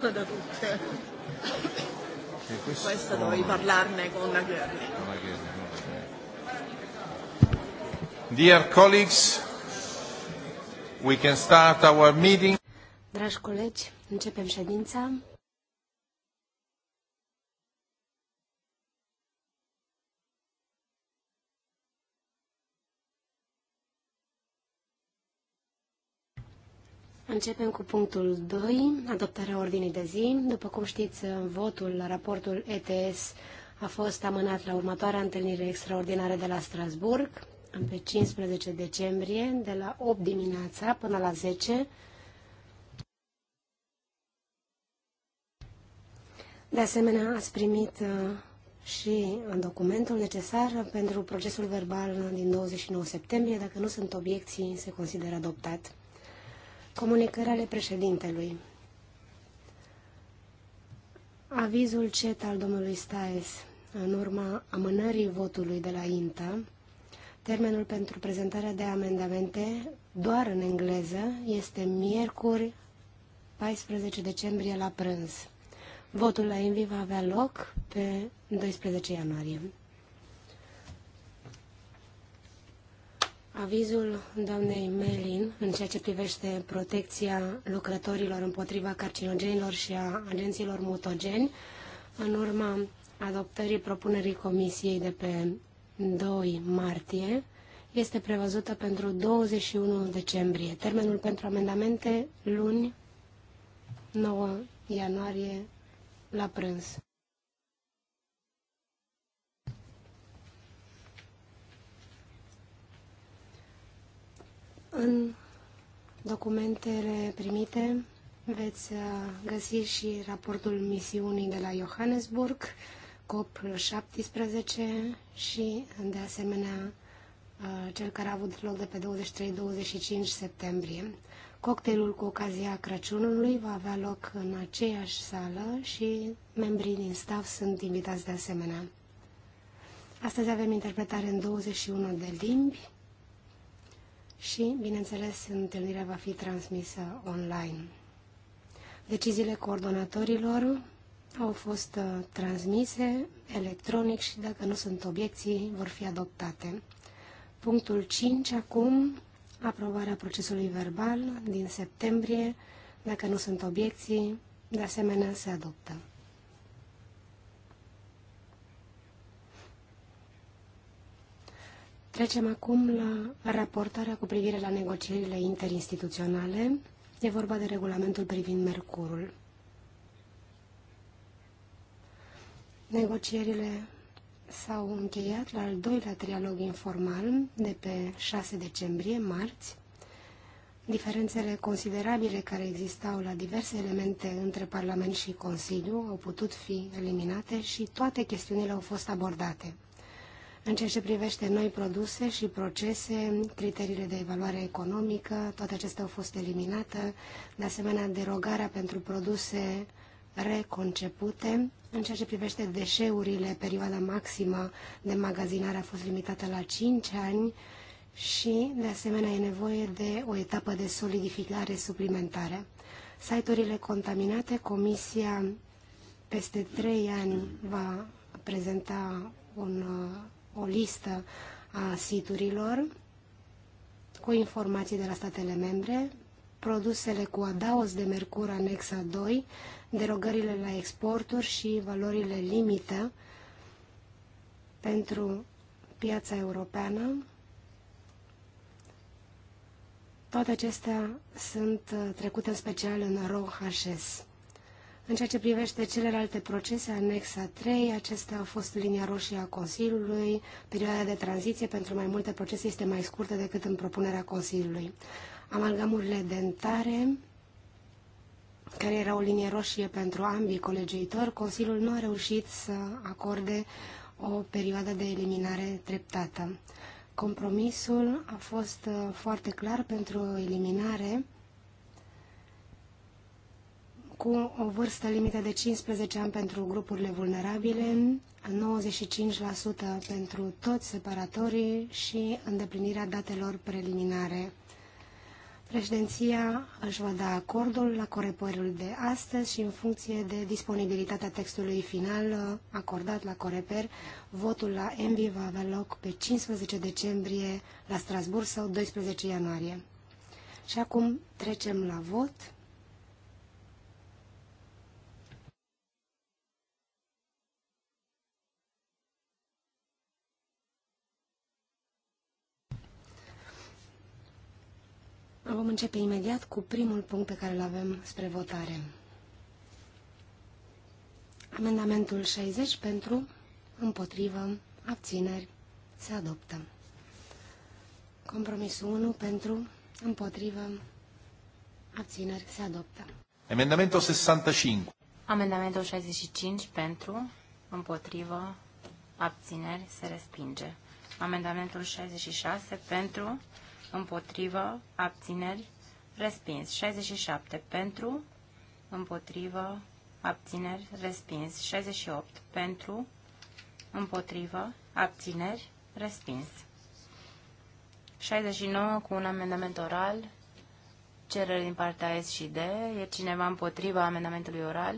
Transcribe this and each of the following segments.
tradotte. Da questo... questo dovevi parlarne con la Gherli. Dear colleagues, we can start our meeting. Dragi colegi, începem ședința. Începem cu punctul 2, adoptarea ordinii de zi. După cum știți, votul la raportul ETS a fost amânat la următoarea întâlnire extraordinară de la Strasburg, pe 15 decembrie, de la 8 dimineața până la 10. De asemenea, ați primit uh, și în documentul necesar pentru procesul verbal din 29 septembrie. Dacă nu sunt obiecții, se consideră adoptat. Comunicări ale președintelui. Avizul CET al domnului Staes, în urma amânării votului de la INTA, termenul pentru prezentarea de amendamente, doar în engleză, este miercuri 14 decembrie la prânz. Votul la INVI va avea loc pe 12 ianuarie. Avizul doamnei Melin în ceea ce privește protecția lucrătorilor împotriva carcinogenilor și a agenților mutageni, în urma adoptării propunerii Comisiei de pe 2 martie, este prevăzută pentru 21 decembrie. Termenul pentru amendamente luni 9 ianuarie la prânz. În documentele primite veți uh, găsi și raportul misiunii de la Johannesburg, COP17 și, de asemenea, uh, cel care a avut loc de pe 23-25 septembrie. Cocktailul cu ocazia Crăciunului va avea loc în aceeași sală și membrii din staff sunt invitați de asemenea. Astăzi avem interpretare în 21 de limbi și, bineînțeles, întâlnirea va fi transmisă online. Deciziile coordonatorilor au fost uh, transmise electronic și, dacă nu sunt obiecții, vor fi adoptate. Punctul 5 acum, aprobarea procesului verbal din septembrie. Dacă nu sunt obiecții, de asemenea, se adoptă. Trecem acum la raportarea cu privire la negocierile interinstituționale. E vorba de regulamentul privind Mercurul. Negocierile s-au încheiat la al doilea trialog informal de pe 6 decembrie, marți. Diferențele considerabile care existau la diverse elemente între Parlament și Consiliu au putut fi eliminate și toate chestiunile au fost abordate. În ceea ce privește noi produse și procese, criteriile de evaluare economică, toate acestea au fost eliminate, de asemenea derogarea pentru produse reconcepute. În ceea ce privește deșeurile, perioada maximă de magazinare a fost limitată la 5 ani și, de asemenea, e nevoie de o etapă de solidificare suplimentară. Site-urile contaminate, Comisia peste 3 ani va prezenta un o listă a siturilor cu informații de la statele membre, produsele cu adaos de mercur anexa 2, derogările la exporturi și valorile limită pentru piața europeană. Toate acestea sunt uh, trecute în special în ROHS. În ceea ce privește celelalte procese, anexa 3, acesta a fost linia roșie a Consiliului. Perioada de tranziție pentru mai multe procese este mai scurtă decât în propunerea Consiliului. Amalgamurile dentare, care era o linie roșie pentru ambii colegiitori, Consiliul nu a reușit să acorde o perioadă de eliminare treptată. Compromisul a fost uh, foarte clar pentru eliminare cu o vârstă limită de 15 ani pentru grupurile vulnerabile, 95% pentru toți separatorii și îndeplinirea datelor preliminare. Președinția își va da acordul la coreperul de astăzi și în funcție de disponibilitatea textului final acordat la coreper, votul la ENVI va avea loc pe 15 decembrie la Strasburg sau 12 ianuarie. Și acum trecem la vot. Vom începe imediat cu primul punct pe care îl avem spre votare. Amendamentul 60 pentru, împotrivă, abțineri, se adoptă. Compromisul 1 pentru, împotrivă, abțineri, se adoptă. Amendamentul 65. Amendamentul 65 pentru, împotrivă, abțineri, se respinge. Amendamentul 66 pentru, împotrivă, abțineri, respins. 67 pentru, împotrivă, abțineri, respins. 68 pentru, împotrivă, abțineri, respins. 69 cu un amendament oral, Cereri din partea S și D. E cineva împotriva amendamentului oral?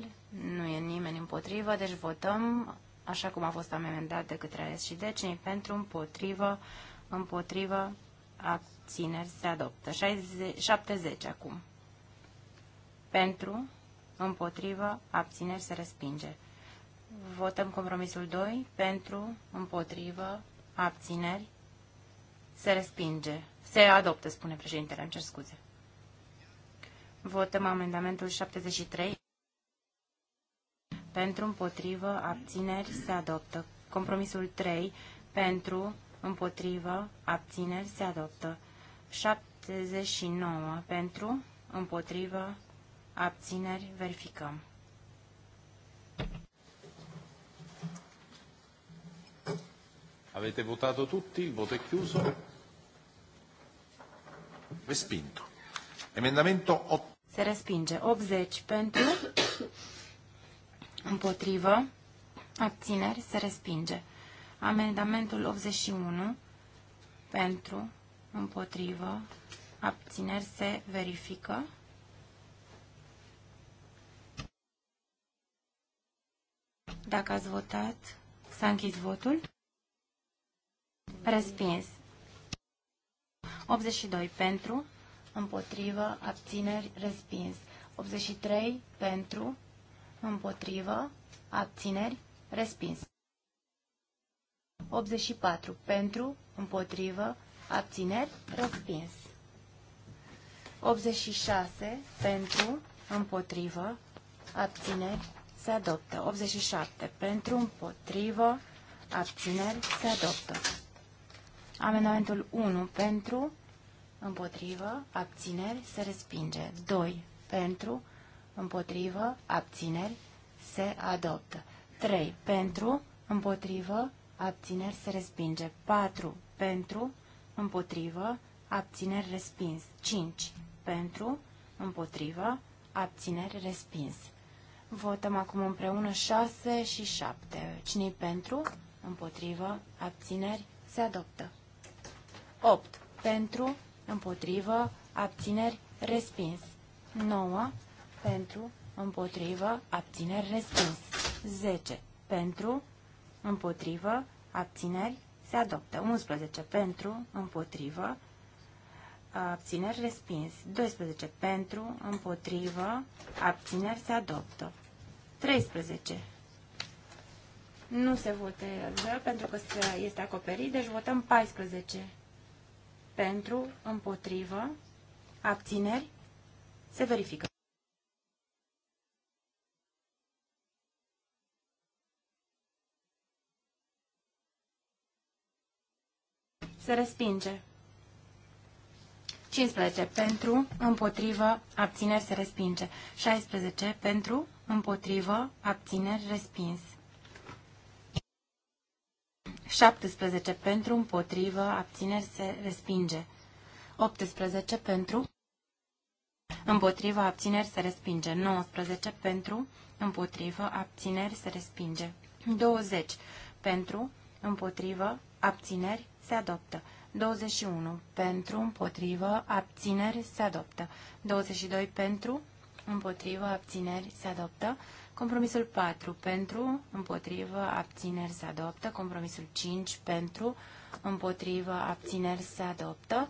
Nu e nimeni împotrivă, deci votăm așa cum a fost amendat de către S și D. Cine pentru, împotrivă, împotrivă, abțineri se adoptă. 60, 70 acum. Pentru, împotrivă, abțineri se respinge. Votăm compromisul 2. Pentru, împotrivă, abțineri se respinge. Se adoptă, spune președintele. Îmi cer scuze. Votăm amendamentul 73. Pentru, împotrivă, abțineri se adoptă. Compromisul 3. Pentru, împotrivă, abțineri, se adoptă. 79 pentru, împotrivă, abțineri, verificăm. Avete votato tutti, il voto è chiuso. Respinto. Emendamento 8. Se respinge 80 pentru, împotrivă, abțineri, se respinge. Amendamentul 81 pentru, împotrivă, abțineri se verifică. Dacă ați votat, s-a închis votul. Respins. 82 pentru, împotrivă, abțineri, respins. 83 pentru, împotrivă, abțineri, respins. 84 pentru, împotrivă, abțineri, respins. 86 pentru, împotrivă, abțineri, se adoptă. 87 pentru, împotrivă, abțineri, se adoptă. Amendamentul 1 pentru, împotrivă, abțineri, se respinge. 2 pentru, împotrivă, abțineri, se adoptă. 3 pentru, împotrivă, abțineri se respinge. 4 pentru, împotrivă, abțineri respins. 5 pentru, împotrivă, abțineri respins. Votăm acum împreună 6 și 7. cine pentru? Împotrivă, abțineri, se adoptă. 8 pentru, împotrivă, abțineri, respins. 9 pentru, împotrivă, abțineri, respins. 10 pentru, împotrivă, abțineri, se adoptă. 11 pentru, împotrivă, abțineri, respins. 12 pentru, împotrivă, abțineri, se adoptă. 13. Nu se votează pentru că este acoperit, deci votăm 14. Pentru, împotrivă, abțineri, se verifică. Se respinge. 15. Pentru, împotrivă, abțineri se respinge. 16. Pentru, împotrivă, abțineri respins. 17. Pentru, împotrivă, abțineri se respinge. 18. Pentru, împotrivă, abțineri se respinge. 19. Pentru, împotrivă, abțineri se respinge. 20. Pentru, împotrivă, abțineri se adoptă. 21 pentru, împotrivă, abțineri, se adoptă. 22 pentru, împotrivă, abțineri, se adoptă. Compromisul 4 pentru, împotrivă, abțineri, se adoptă. Compromisul 5 pentru, împotrivă, abțineri, se adoptă.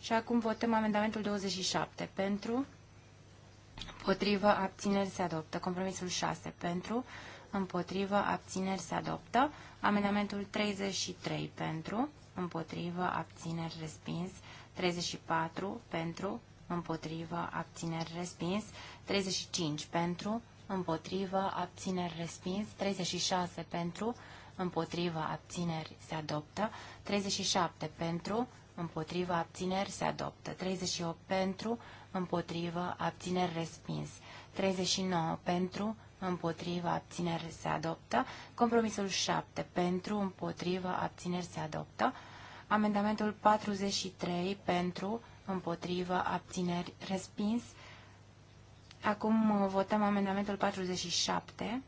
Și acum votăm amendamentul 27 pentru, împotrivă, abțineri, se adoptă. Compromisul 6 pentru, împotrivă, abțineri, se adoptă. Amendamentul 33 pentru, împotrivă, abțineri, respins. 34 pentru, împotrivă, abțineri, respins. 35 pentru, împotrivă, abțineri, respins. 36 pentru, împotrivă, abțineri, se adoptă. 37 pentru, împotrivă, abțineri, se adoptă. 38 pentru, împotrivă, abțineri, respins. 39 pentru, împotrivă, abțineri, se adoptă. Compromisul 7 pentru, împotrivă, abțineri, se adoptă. Amendamentul 43 pentru, împotrivă, abțineri, respins. Acum uh, votăm amendamentul 47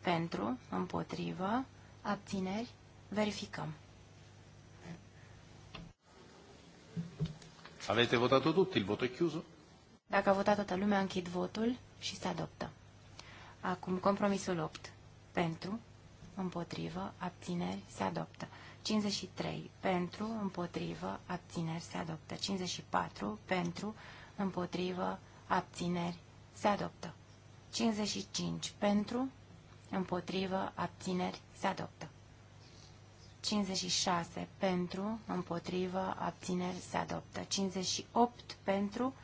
pentru, împotrivă, abțineri, verificăm. Aveți votat tot, il voto e chiuso. Dacă a votat toată lumea, închid votul și se adoptă. Acum compromisul 8. Pentru, împotrivă, abțineri, se adoptă. 53 pentru, împotrivă, abțineri se adoptă. 54 pentru, împotrivă, abțineri se adoptă. 55 pentru, împotrivă, abțineri se adoptă. 56 pentru, împotrivă, abțineri se adoptă. 58 pentru,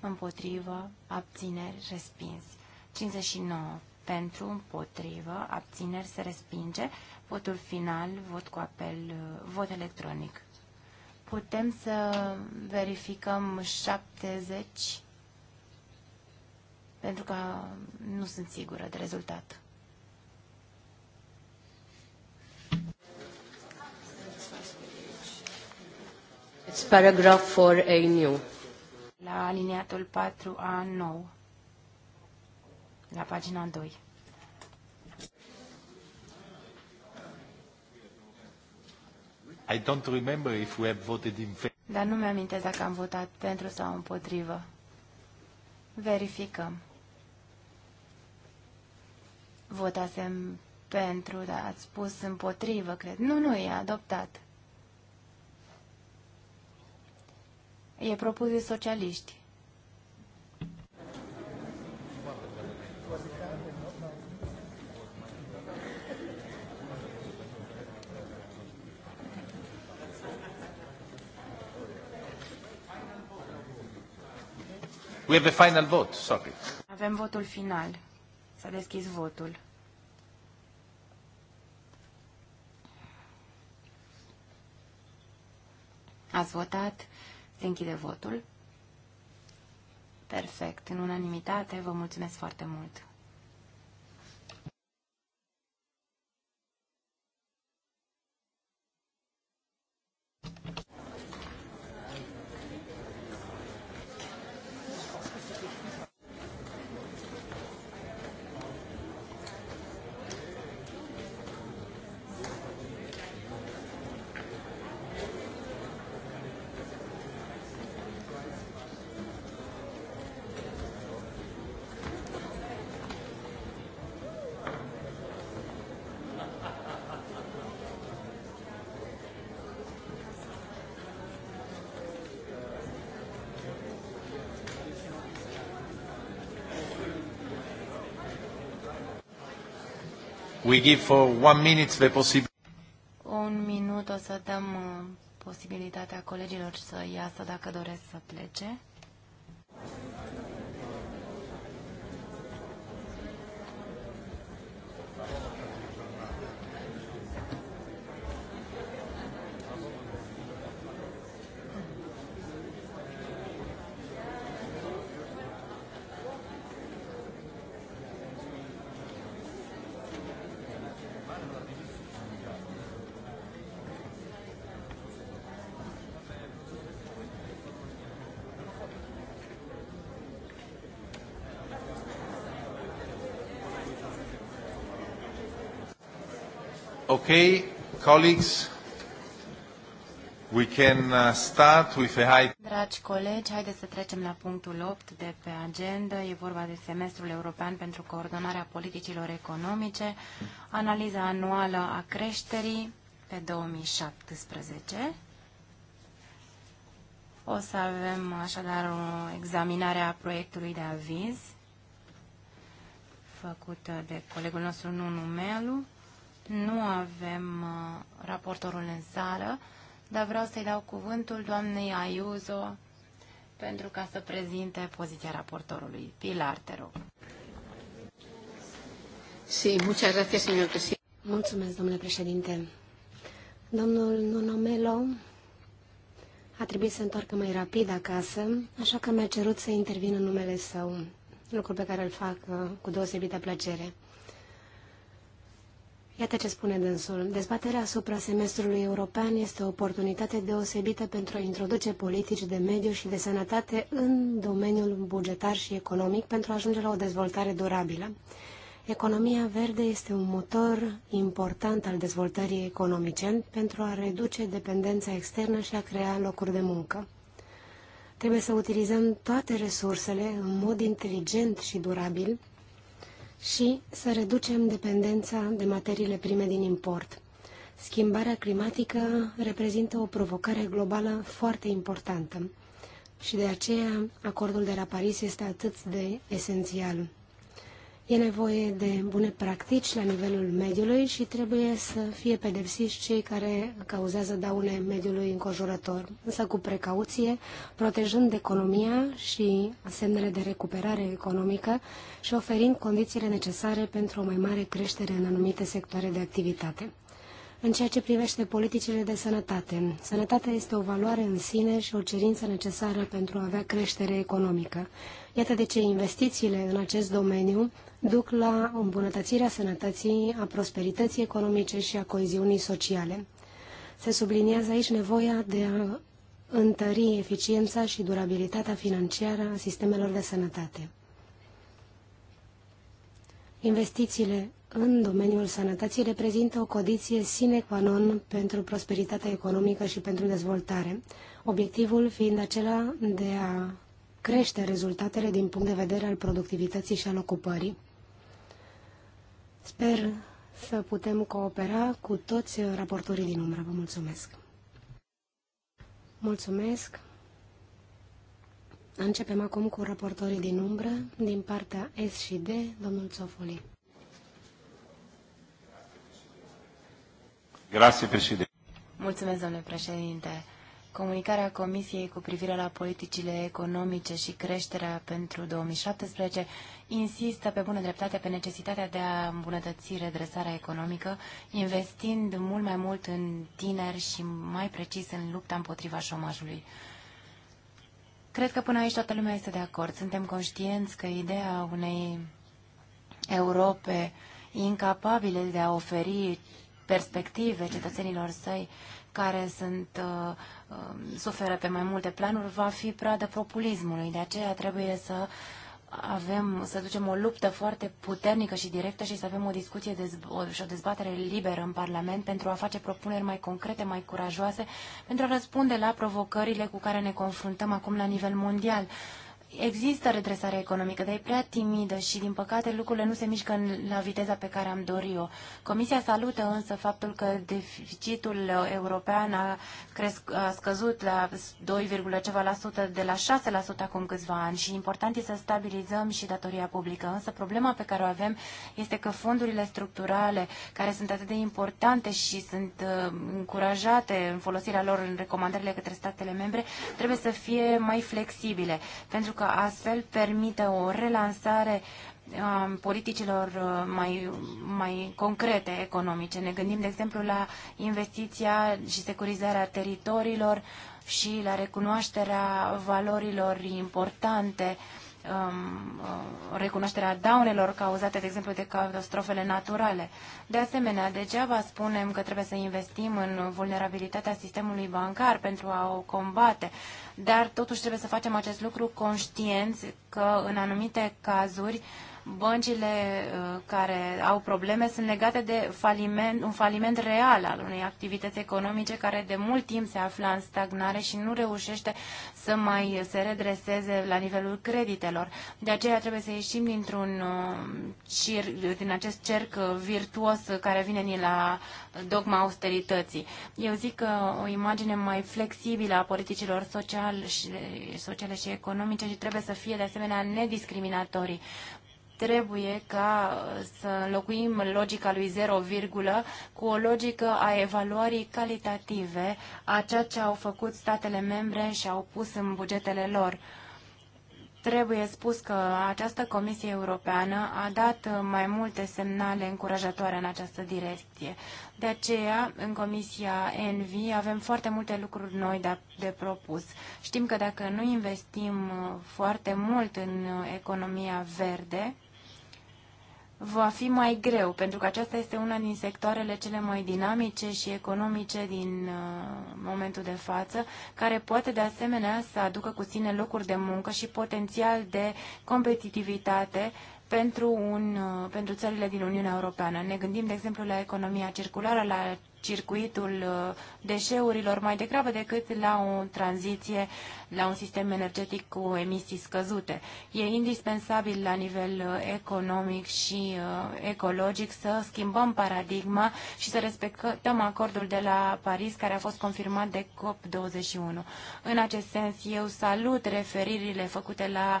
împotrivă, abțineri respins. 59 pentru, împotrivă, abțineri se respinge. Votul final, vot cu apel, vot electronic. Putem să verificăm 70 pentru că nu sunt sigură de rezultat. It's paragraph 4A new. La aliniatul 4A nou la pagina 2. I don't remember if we have voted in favor. Dar nu mi-amintesc dacă am votat pentru sau împotrivă. Verificăm. Votasem pentru, dar ați spus împotrivă, cred. Nu, nu, e adoptat. E propus de socialiști. We have a final vote, sorry. Avem votul final. S-a deschis votul. Ați votat. Se închide votul. Perfect. În unanimitate, vă mulțumesc foarte mult. We give for one minute the possibility. Un minut o să dăm uh, posibilitatea colegilor să iasă dacă doresc să plece. Okay, colleagues, we can uh, start with a high... Dragi colegi, haideți să trecem la punctul 8 de pe agenda. E vorba de semestrul european pentru coordonarea politicilor economice, analiza anuală a creșterii pe 2017. O să avem așadar o examinare a proiectului de aviz făcut de colegul nostru Nunu Melu nu avem uh, raportorul în sală, dar vreau să-i dau cuvântul doamnei Ayuso pentru ca să prezinte poziția raportorului. Pilar, te rog. Sí, muchas gracias, señor presidente. Mulțumesc, domnule președinte. Domnul Nonomelo a trebuit să întoarcă mai rapid acasă, așa că mi-a cerut să intervin în numele său, lucru pe care îl fac uh, cu deosebită plăcere. Iată ce spune dânsul. Dezbaterea asupra semestrului european este o oportunitate deosebită pentru a introduce politici de mediu și de sănătate în domeniul bugetar și economic pentru a ajunge la o dezvoltare durabilă. Economia verde este un motor important al dezvoltării economice pentru a reduce dependența externă și a crea locuri de muncă. Trebuie să utilizăm toate resursele în mod inteligent și durabil și să reducem dependența de materiile prime din import. Schimbarea climatică reprezintă o provocare globală foarte importantă și de aceea acordul de la Paris este atât de esențial. E nevoie de bune practici la nivelul mediului și trebuie să fie pedepsiți cei care cauzează daune mediului înconjurător, însă cu precauție, protejând economia și semnele de recuperare economică și oferind condițiile necesare pentru o mai mare creștere în anumite sectoare de activitate. În ceea ce privește politicile de sănătate, sănătatea este o valoare în sine și o cerință necesară pentru a avea creștere economică. Iată de ce investițiile în acest domeniu duc la îmbunătățirea sănătății, a prosperității economice și a coeziunii sociale. Se subliniază aici nevoia de a întări eficiența și durabilitatea financiară a sistemelor de sănătate. Investițiile în domeniul sănătății reprezintă o condiție sine qua non pentru prosperitatea economică și pentru dezvoltare, obiectivul fiind acela de a crește rezultatele din punct de vedere al productivității și al ocupării. Sper să putem coopera cu toți raportorii din umbră. Vă mulțumesc! Mulțumesc! Începem acum cu raportorii din umbră, din partea S și D, domnul Țofoli. Grazie, președinte. Mulțumesc, domnule președinte. Comunicarea Comisiei cu privire la politicile economice și creșterea pentru 2017 insistă pe bună dreptate pe necesitatea de a îmbunătăți redresarea economică, investind mult mai mult în tineri și mai precis în lupta împotriva șomajului. Cred că până aici toată lumea este de acord. Suntem conștienți că ideea unei Europe incapabile de a oferi perspective cetățenilor săi care sunt uh, Um, suferă pe mai multe planuri, va fi pradă populismului. De aceea trebuie să avem, să ducem o luptă foarte puternică și directă și să avem o discuție o, și o dezbatere liberă în Parlament pentru a face propuneri mai concrete, mai curajoase, pentru a răspunde la provocările cu care ne confruntăm acum la nivel mondial. Există redresare economică, dar e prea timidă și, din păcate, lucrurile nu se mișcă la viteza pe care am dorit-o. Comisia salută însă faptul că deficitul european a, cresc, a scăzut la 2, ceva la sută de la 6% acum câțiva ani și important este să stabilizăm și datoria publică. Însă problema pe care o avem este că fondurile structurale, care sunt atât de importante și sunt uh, încurajate în folosirea lor în recomandările către statele membre, trebuie să fie mai flexibile. Pentru că că astfel permite o relansare a politicilor uh, mai, mai concrete economice. Ne gândim, de exemplu, la investiția și securizarea teritoriilor și la recunoașterea valorilor importante uh, Um, uh, recunoașterea daunelor cauzate, de exemplu, de catastrofele naturale. De asemenea, degeaba spunem că trebuie să investim în vulnerabilitatea sistemului bancar pentru a o combate, dar totuși trebuie să facem acest lucru conștienți că în anumite cazuri uh, băncile uh, care au probleme sunt legate de faliment, un faliment real al unei activități economice care de mult timp se afla în stagnare și nu reușește să mai se redreseze la nivelul creditelor. De aceea trebuie să ieșim dintr-un uh, cir, din acest cerc uh, virtuos care vine ni la dogma austerității. Eu zic că o imagine mai flexibilă a politicilor social și, sociale și economice și trebuie să fie de asemenea nediscriminatorii trebuie ca uh, să înlocuim logica lui 0, cu o logică a evaluării calitative a ceea ce au făcut statele membre și au pus în bugetele lor. Trebuie spus că această Comisie Europeană a dat uh, mai multe semnale încurajatoare în această direcție. De aceea, în Comisia ENVI avem foarte multe lucruri noi de, de propus. Știm că dacă nu investim uh, foarte mult în economia verde, va fi mai greu, pentru că aceasta este una din sectoarele cele mai dinamice și economice din uh, momentul de față, care poate de asemenea să aducă cu sine locuri de muncă și potențial de competitivitate pentru, un, uh, pentru țările din Uniunea Europeană. Ne gândim, de exemplu, la economia circulară, la circuitul uh, deșeurilor mai degrabă decât la o tranziție la un sistem energetic cu emisii scăzute. E indispensabil la nivel uh, economic și uh, ecologic să schimbăm paradigma și să respectăm acordul de la Paris care a fost confirmat de COP21. În acest sens, eu salut referirile făcute la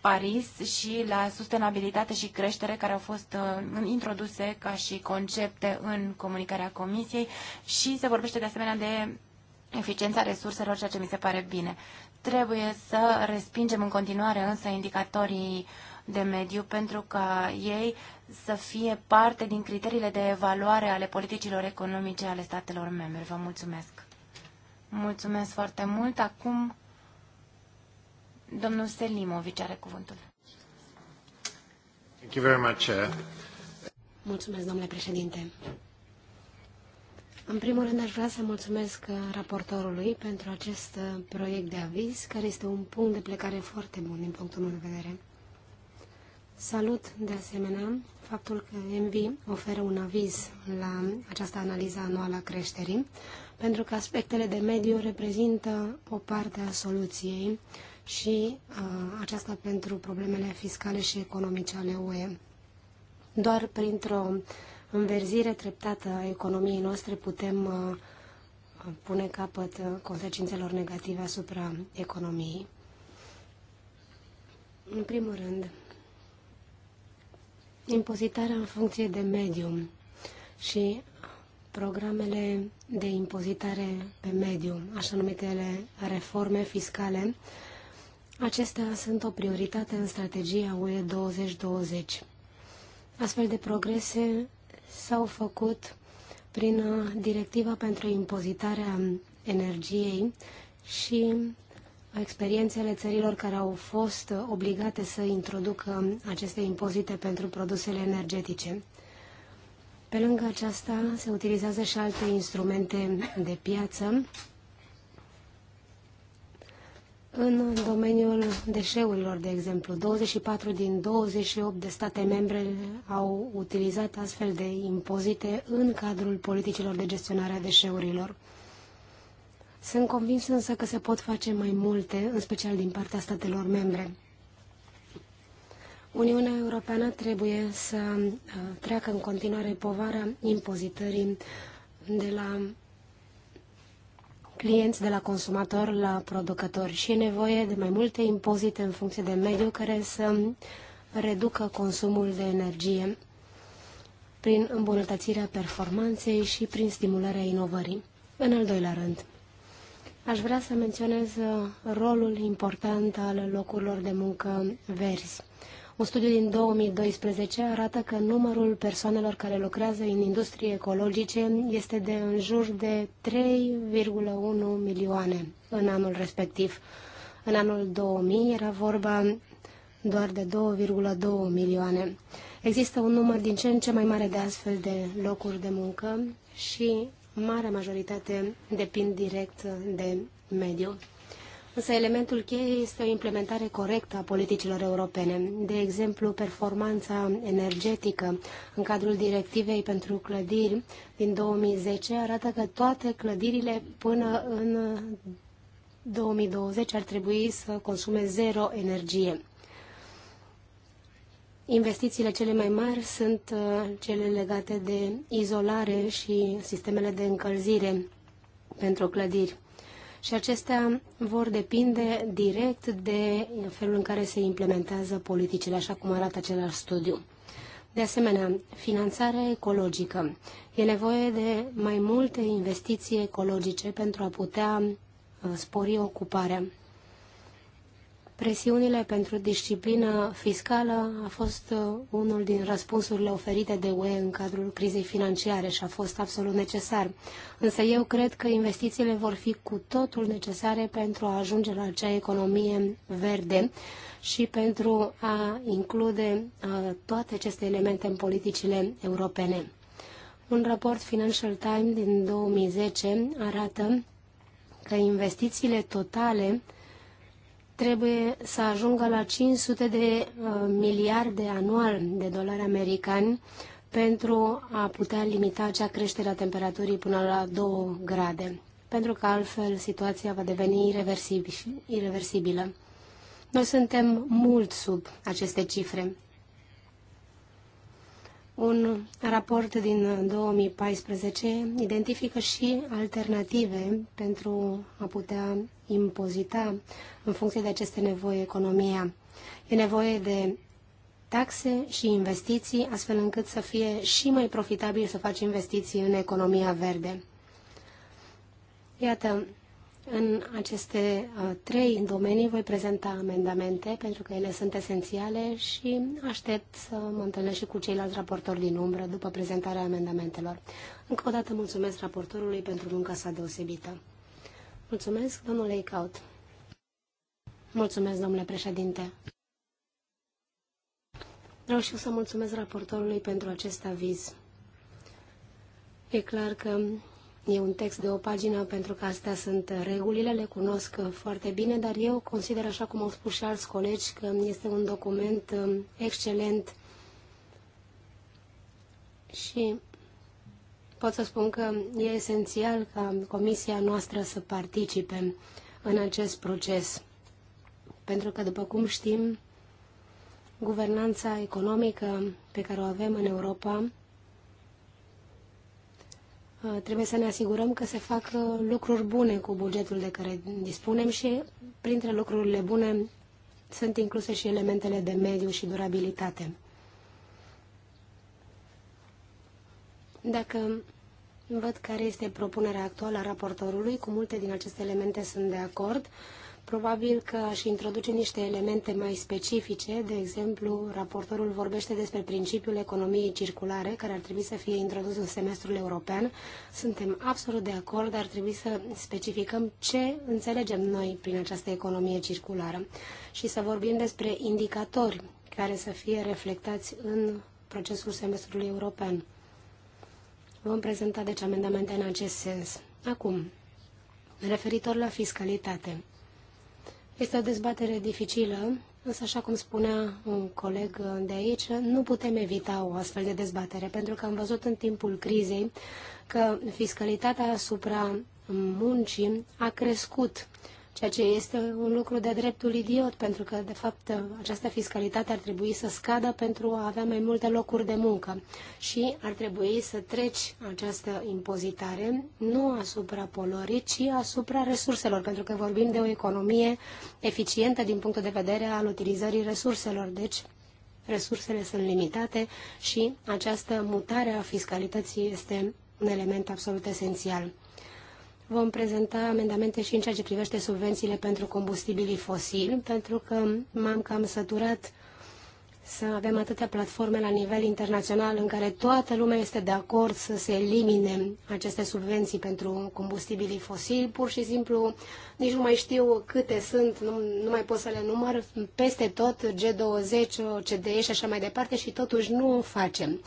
Paris și la sustenabilitate și creștere care au fost introduse ca și concepte în comunicarea Comisiei Comisiei și se vorbește de asemenea de eficiența resurselor, ceea ce mi se pare bine. Trebuie să respingem în continuare însă indicatorii de mediu pentru ca ei să fie parte din criteriile de evaluare ale politicilor economice ale statelor membre. Vă mulțumesc! Mulțumesc foarte mult! Acum domnul Selimovici are cuvântul. Thank you very much, Mulțumesc, domnule președinte. În primul rând aș vrea să mulțumesc uh, raportorului pentru acest uh, proiect de aviz, care este un punct de plecare foarte bun din punctul meu de vedere. Salut, de asemenea, faptul că MV oferă un aviz la această analiză anuală a creșterii, pentru că aspectele de mediu reprezintă o parte a soluției și uh, aceasta pentru problemele fiscale și economice ale UE. Doar printr-o uh, înverzire treptată a economiei noastre putem uh, pune capăt uh, consecințelor negative asupra economiei. În primul rând, impozitarea în funcție de medium și programele de impozitare pe mediu, așa numitele reforme fiscale, acestea sunt o prioritate în strategia UE 2020. Astfel de progrese s-au făcut prin uh, directiva pentru impozitarea energiei și experiențele țărilor care au fost uh, obligate să introducă aceste impozite pentru produsele energetice. Pe lângă aceasta se utilizează și alte instrumente de piață în domeniul deșeurilor, de exemplu, 24 din 28 de state membre au utilizat astfel de impozite în cadrul politicilor de gestionare a deșeurilor. Sunt convins însă că se pot face mai multe, în special din partea statelor membre. Uniunea Europeană trebuie să uh, treacă în continuare povara impozitării de la clienți de la consumator la producător și e nevoie de mai multe impozite în funcție de mediu care să reducă consumul de energie prin îmbunătățirea performanței și prin stimularea inovării. În al doilea rând, aș vrea să menționez rolul important al locurilor de muncă verzi. Un studiu din 2012 arată că numărul persoanelor care lucrează în industrie ecologice este de în jur de 3,1 milioane în anul respectiv. În anul 2000 era vorba doar de 2,2 milioane. Există un număr din ce în ce mai mare de astfel de locuri de muncă și marea majoritate depind direct de mediu. Însă elementul cheie este o implementare corectă a politicilor europene, de exemplu performanța energetică în cadrul directivei pentru clădiri din 2010 arată că toate clădirile până în 2020 ar trebui să consume zero energie. Investițiile cele mai mari sunt uh, cele legate de izolare și sistemele de încălzire pentru clădiri și acestea vor depinde direct de felul în care se implementează politicile, așa cum arată același studiu. De asemenea, finanțare ecologică. E nevoie de mai multe investiții ecologice pentru a putea uh, spori ocuparea. Presiunile pentru disciplină fiscală a fost uh, unul din răspunsurile oferite de UE în cadrul crizei financiare și a fost absolut necesar. Însă eu cred că investițiile vor fi cu totul necesare pentru a ajunge la acea economie verde și pentru a include uh, toate aceste elemente în politicile europene. Un raport Financial Times din 2010 arată că investițiile totale trebuie să ajungă la 500 de uh, miliarde anual de dolari americani pentru a putea limita acea creștere a temperaturii până la 2 grade, pentru că altfel situația va deveni irreversibilă. Noi suntem mult sub aceste cifre. Un raport din 2014 identifică și alternative pentru a putea impozita în funcție de aceste nevoi economia. E nevoie de taxe și investiții, astfel încât să fie și mai profitabil să faci investiții în economia verde. Iată, în aceste uh, trei domenii voi prezenta amendamente pentru că ele sunt esențiale și aștept să mă întâlnesc și cu ceilalți raportori din umbră după prezentarea amendamentelor. Încă o dată mulțumesc raportorului pentru munca sa deosebită. Mulțumesc, domnule Icaut. Mulțumesc, domnule președinte. Vreau și eu să mulțumesc raportorului pentru acest aviz. E clar că E un text de o pagină pentru că astea sunt regulile, le cunosc foarte bine, dar eu consider, așa cum au spus și alți colegi, că este un document um, excelent și pot să spun că e esențial ca comisia noastră să participe în acest proces. Pentru că, după cum știm, guvernanța economică pe care o avem în Europa Uh, trebuie să ne asigurăm că se fac uh, lucruri bune cu bugetul de care dispunem și printre lucrurile bune sunt incluse și elementele de mediu și durabilitate. Dacă văd care este propunerea actuală a raportorului, cu multe din aceste elemente sunt de acord, Probabil că aș introduce niște elemente mai specifice, de exemplu, raportorul vorbește despre principiul economiei circulare, care ar trebui să fie introdus în semestrul european. Suntem absolut de acord, dar ar trebui să specificăm ce înțelegem noi prin această economie circulară și să vorbim despre indicatori care să fie reflectați în procesul semestrului european. Vom prezenta deci amendamente în acest sens. Acum, referitor la fiscalitate. Este o dezbatere dificilă, însă, așa cum spunea un coleg de aici, nu putem evita o astfel de dezbatere, pentru că am văzut în timpul crizei că fiscalitatea asupra muncii a crescut ceea ce este un lucru de dreptul idiot, pentru că, de fapt, această fiscalitate ar trebui să scadă pentru a avea mai multe locuri de muncă și ar trebui să treci această impozitare nu asupra polorii, ci asupra resurselor, pentru că vorbim de o economie eficientă din punctul de vedere al utilizării resurselor. Deci, resursele sunt limitate și această mutare a fiscalității este un element absolut esențial vom prezenta amendamente și în ceea ce privește subvențiile pentru combustibilii fosili, pentru că m-am cam săturat să avem atâtea platforme la nivel internațional în care toată lumea este de acord să se elimine aceste subvenții pentru combustibilii fosili. Pur și simplu nici nu mai știu câte sunt, nu, nu mai pot să le număr, peste tot G20, CDE și așa mai departe și totuși nu o facem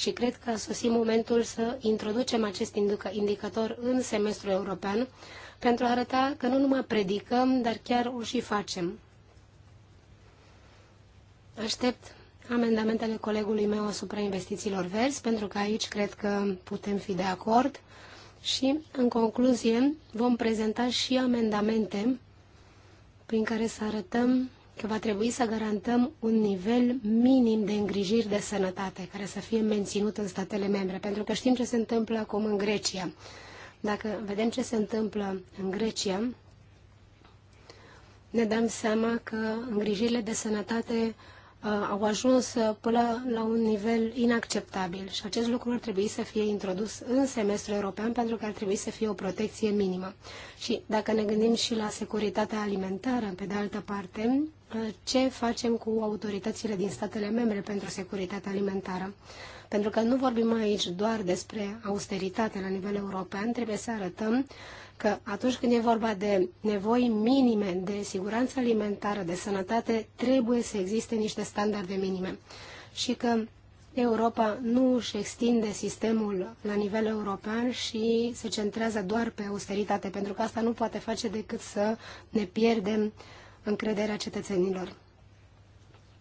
și cred că a sosit momentul să introducem acest indicator în semestrul european pentru a arăta că nu numai predicăm, dar chiar o și facem. Aștept amendamentele colegului meu asupra investițiilor verzi, pentru că aici cred că putem fi de acord. Și, în concluzie, vom prezenta și amendamente prin care să arătăm că va trebui să garantăm un nivel minim de îngrijiri de sănătate care să fie menținut în statele membre, pentru că știm ce se întâmplă acum în Grecia. Dacă vedem ce se întâmplă în Grecia, ne dăm seama că îngrijirile de sănătate uh, au ajuns uh, până la un nivel inacceptabil și acest lucru ar trebui să fie introdus în semestrul european pentru că ar trebui să fie o protecție minimă. Și dacă ne gândim și la securitatea alimentară, pe de altă parte, ce facem cu autoritățile din statele membre pentru securitatea alimentară. Pentru că nu vorbim aici doar despre austeritate la nivel european, trebuie să arătăm că atunci când e vorba de nevoi minime de siguranță alimentară, de sănătate, trebuie să existe niște standarde minime. Și că Europa nu își extinde sistemul la nivel european și se centrează doar pe austeritate, pentru că asta nu poate face decât să ne pierdem uh, încrederea cetățenilor.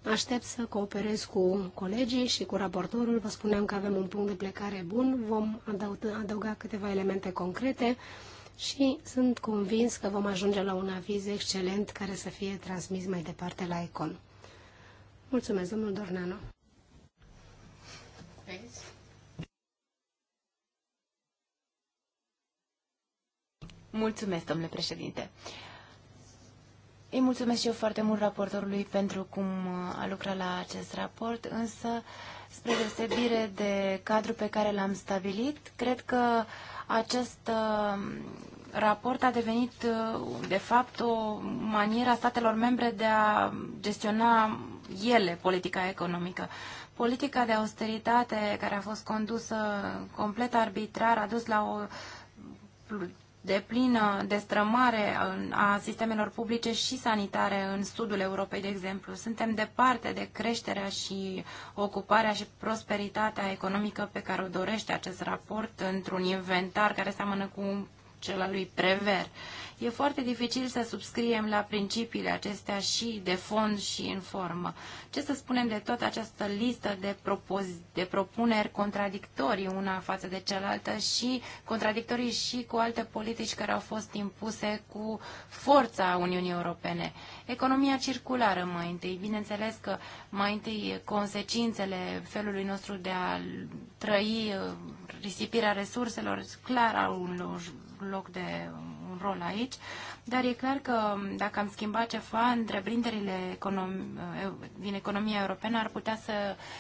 Aștept să cooperez cu colegii și cu raportorul. Vă spuneam că avem un punct de plecare bun. Vom adăuga câteva elemente concrete și sunt convins că vom ajunge la un aviz excelent care să fie transmis mai departe la ECON. Mulțumesc, domnul Dornano. Mulțumesc, domnule președinte. Îi mulțumesc și eu foarte mult raportorului pentru cum uh, a lucrat la acest raport, însă, spre deosebire de cadrul pe care l-am stabilit, cred că acest uh, raport a devenit, uh, de fapt, o manieră a statelor membre de a gestiona ele politica economică. Politica de austeritate care a fost condusă complet arbitrar a dus la o de plină destrămare a sistemelor publice și sanitare în sudul Europei, de exemplu. Suntem departe de creșterea și ocuparea și prosperitatea economică pe care o dorește acest raport într-un inventar care seamănă cu cel al lui Prever. E foarte dificil să subscriem la principiile acestea și de fond și în formă. Ce să spunem de tot această listă de, propozi- de propuneri contradictorii una față de cealaltă și contradictorii și cu alte politici care au fost impuse cu forța Uniunii Europene. Economia circulară mai întâi. Bineînțeles că mai întâi consecințele felului nostru de a trăi, risipirea resurselor, clar au un loc de un rol aici, dar e clar că dacă am schimbat ceva, întreprinderile econom- din economia europeană ar putea să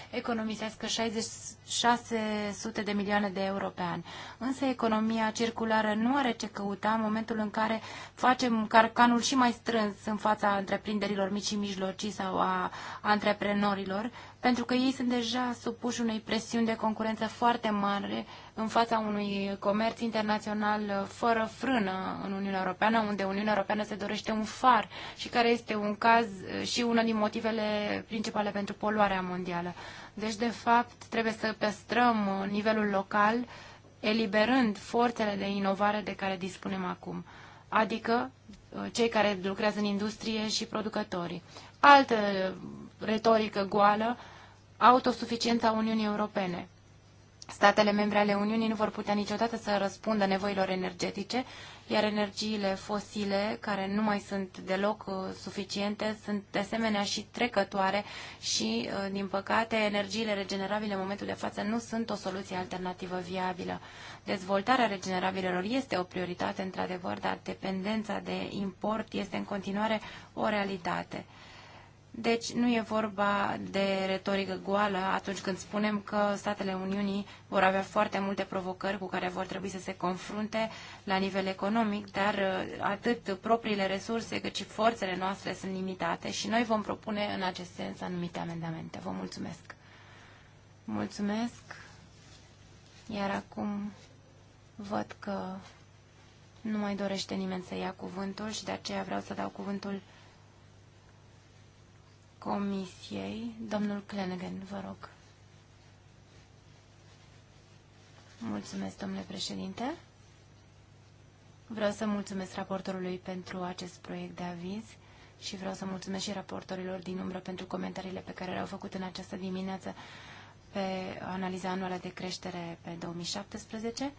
economisească 6.600 de milioane de euro pe an. Însă economia circulară nu are ce căuta în momentul în care facem carcanul și mai strâns în fața întreprinderilor mici și mijlocii sau a antreprenorilor, pentru că ei sunt deja supuși unei presiuni de concurență foarte mare în fața unui comerț internațional uh, fără frână în Uniunea Europeană, unde Uniunea Europeană se dorește un far și care este un caz uh, și unul din motivele principale pentru poluarea mondială. Deci, de fapt, trebuie să păstrăm uh, nivelul local, eliberând forțele de inovare de care dispunem acum, adică cei care lucrează în industrie și producătorii. Altă retorică goală autosuficiența Uniunii Europene. Statele membre ale Uniunii nu vor putea niciodată să răspundă nevoilor energetice, iar energiile fosile, care nu mai sunt deloc uh, suficiente, sunt de asemenea și trecătoare și, uh, din păcate, energiile regenerabile în momentul de față nu sunt o soluție alternativă viabilă. Dezvoltarea regenerabilelor este o prioritate, într-adevăr, dar dependența de import este în continuare o realitate. Deci nu e vorba de retorică goală atunci când spunem că statele Uniunii vor avea foarte multe provocări cu care vor trebui să se confrunte la nivel economic, dar uh, atât propriile resurse cât și forțele noastre sunt limitate și noi vom propune în acest sens anumite amendamente. Vă mulțumesc! Mulțumesc! Iar acum văd că nu mai dorește nimeni să ia cuvântul și de aceea vreau să dau cuvântul Comisiei, domnul Clenegen, vă rog. Mulțumesc, domnule președinte. Vreau să mulțumesc raportorului pentru acest proiect de aviz și vreau să mulțumesc și raportorilor din umbră pentru comentariile pe care le-au făcut în această dimineață pe analiza anuală de creștere pe 2017.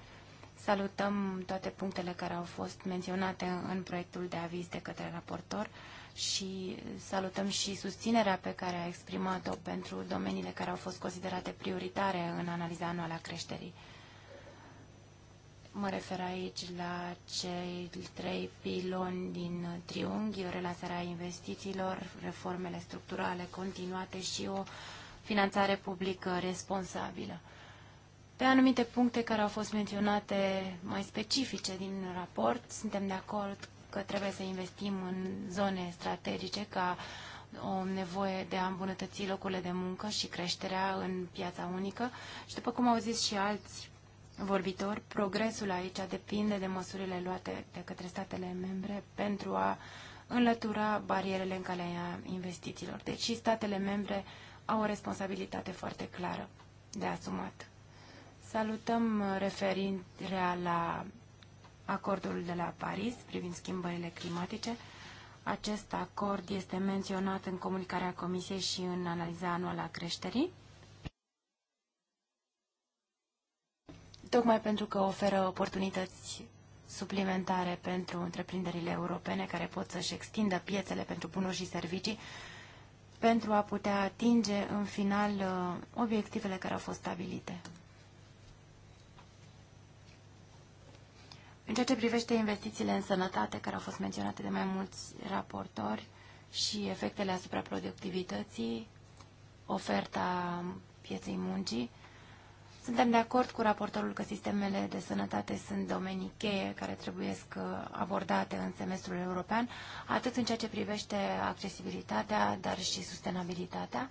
Salutăm toate punctele care au fost menționate în proiectul de aviz de către raportor și salutăm și susținerea pe care a exprimat-o pentru domeniile care au fost considerate prioritare în analiza anuală a creșterii. Mă refer aici la cei trei piloni din triunghi, relansarea investițiilor, reformele structurale continuate și o finanțare publică responsabilă. Pe anumite puncte care au fost menționate mai specifice din raport, suntem de acord că trebuie să investim în zone strategice ca o nevoie de a îmbunătăți locurile de muncă și creșterea în piața unică. Și după cum au zis și alți vorbitori, progresul aici depinde de măsurile luate de către statele membre pentru a înlătura barierele în calea investițiilor. Deci și statele membre au o responsabilitate foarte clară de asumat. Salutăm referirea la acordul de la Paris privind schimbările climatice. Acest acord este menționat în comunicarea Comisiei și în analiza anuală a creșterii. Tocmai pentru că oferă oportunități suplimentare pentru întreprinderile europene care pot să-și extindă piețele pentru bunuri și servicii, pentru a putea atinge în final uh, obiectivele care au fost stabilite. În ceea ce privește investițiile în sănătate, care au fost menționate de mai mulți raportori, și efectele asupra productivității, oferta pieței muncii, suntem de acord cu raportorul că sistemele de sănătate sunt domenii cheie care trebuie uh, abordate în semestrul european, atât în ceea ce privește accesibilitatea, dar și sustenabilitatea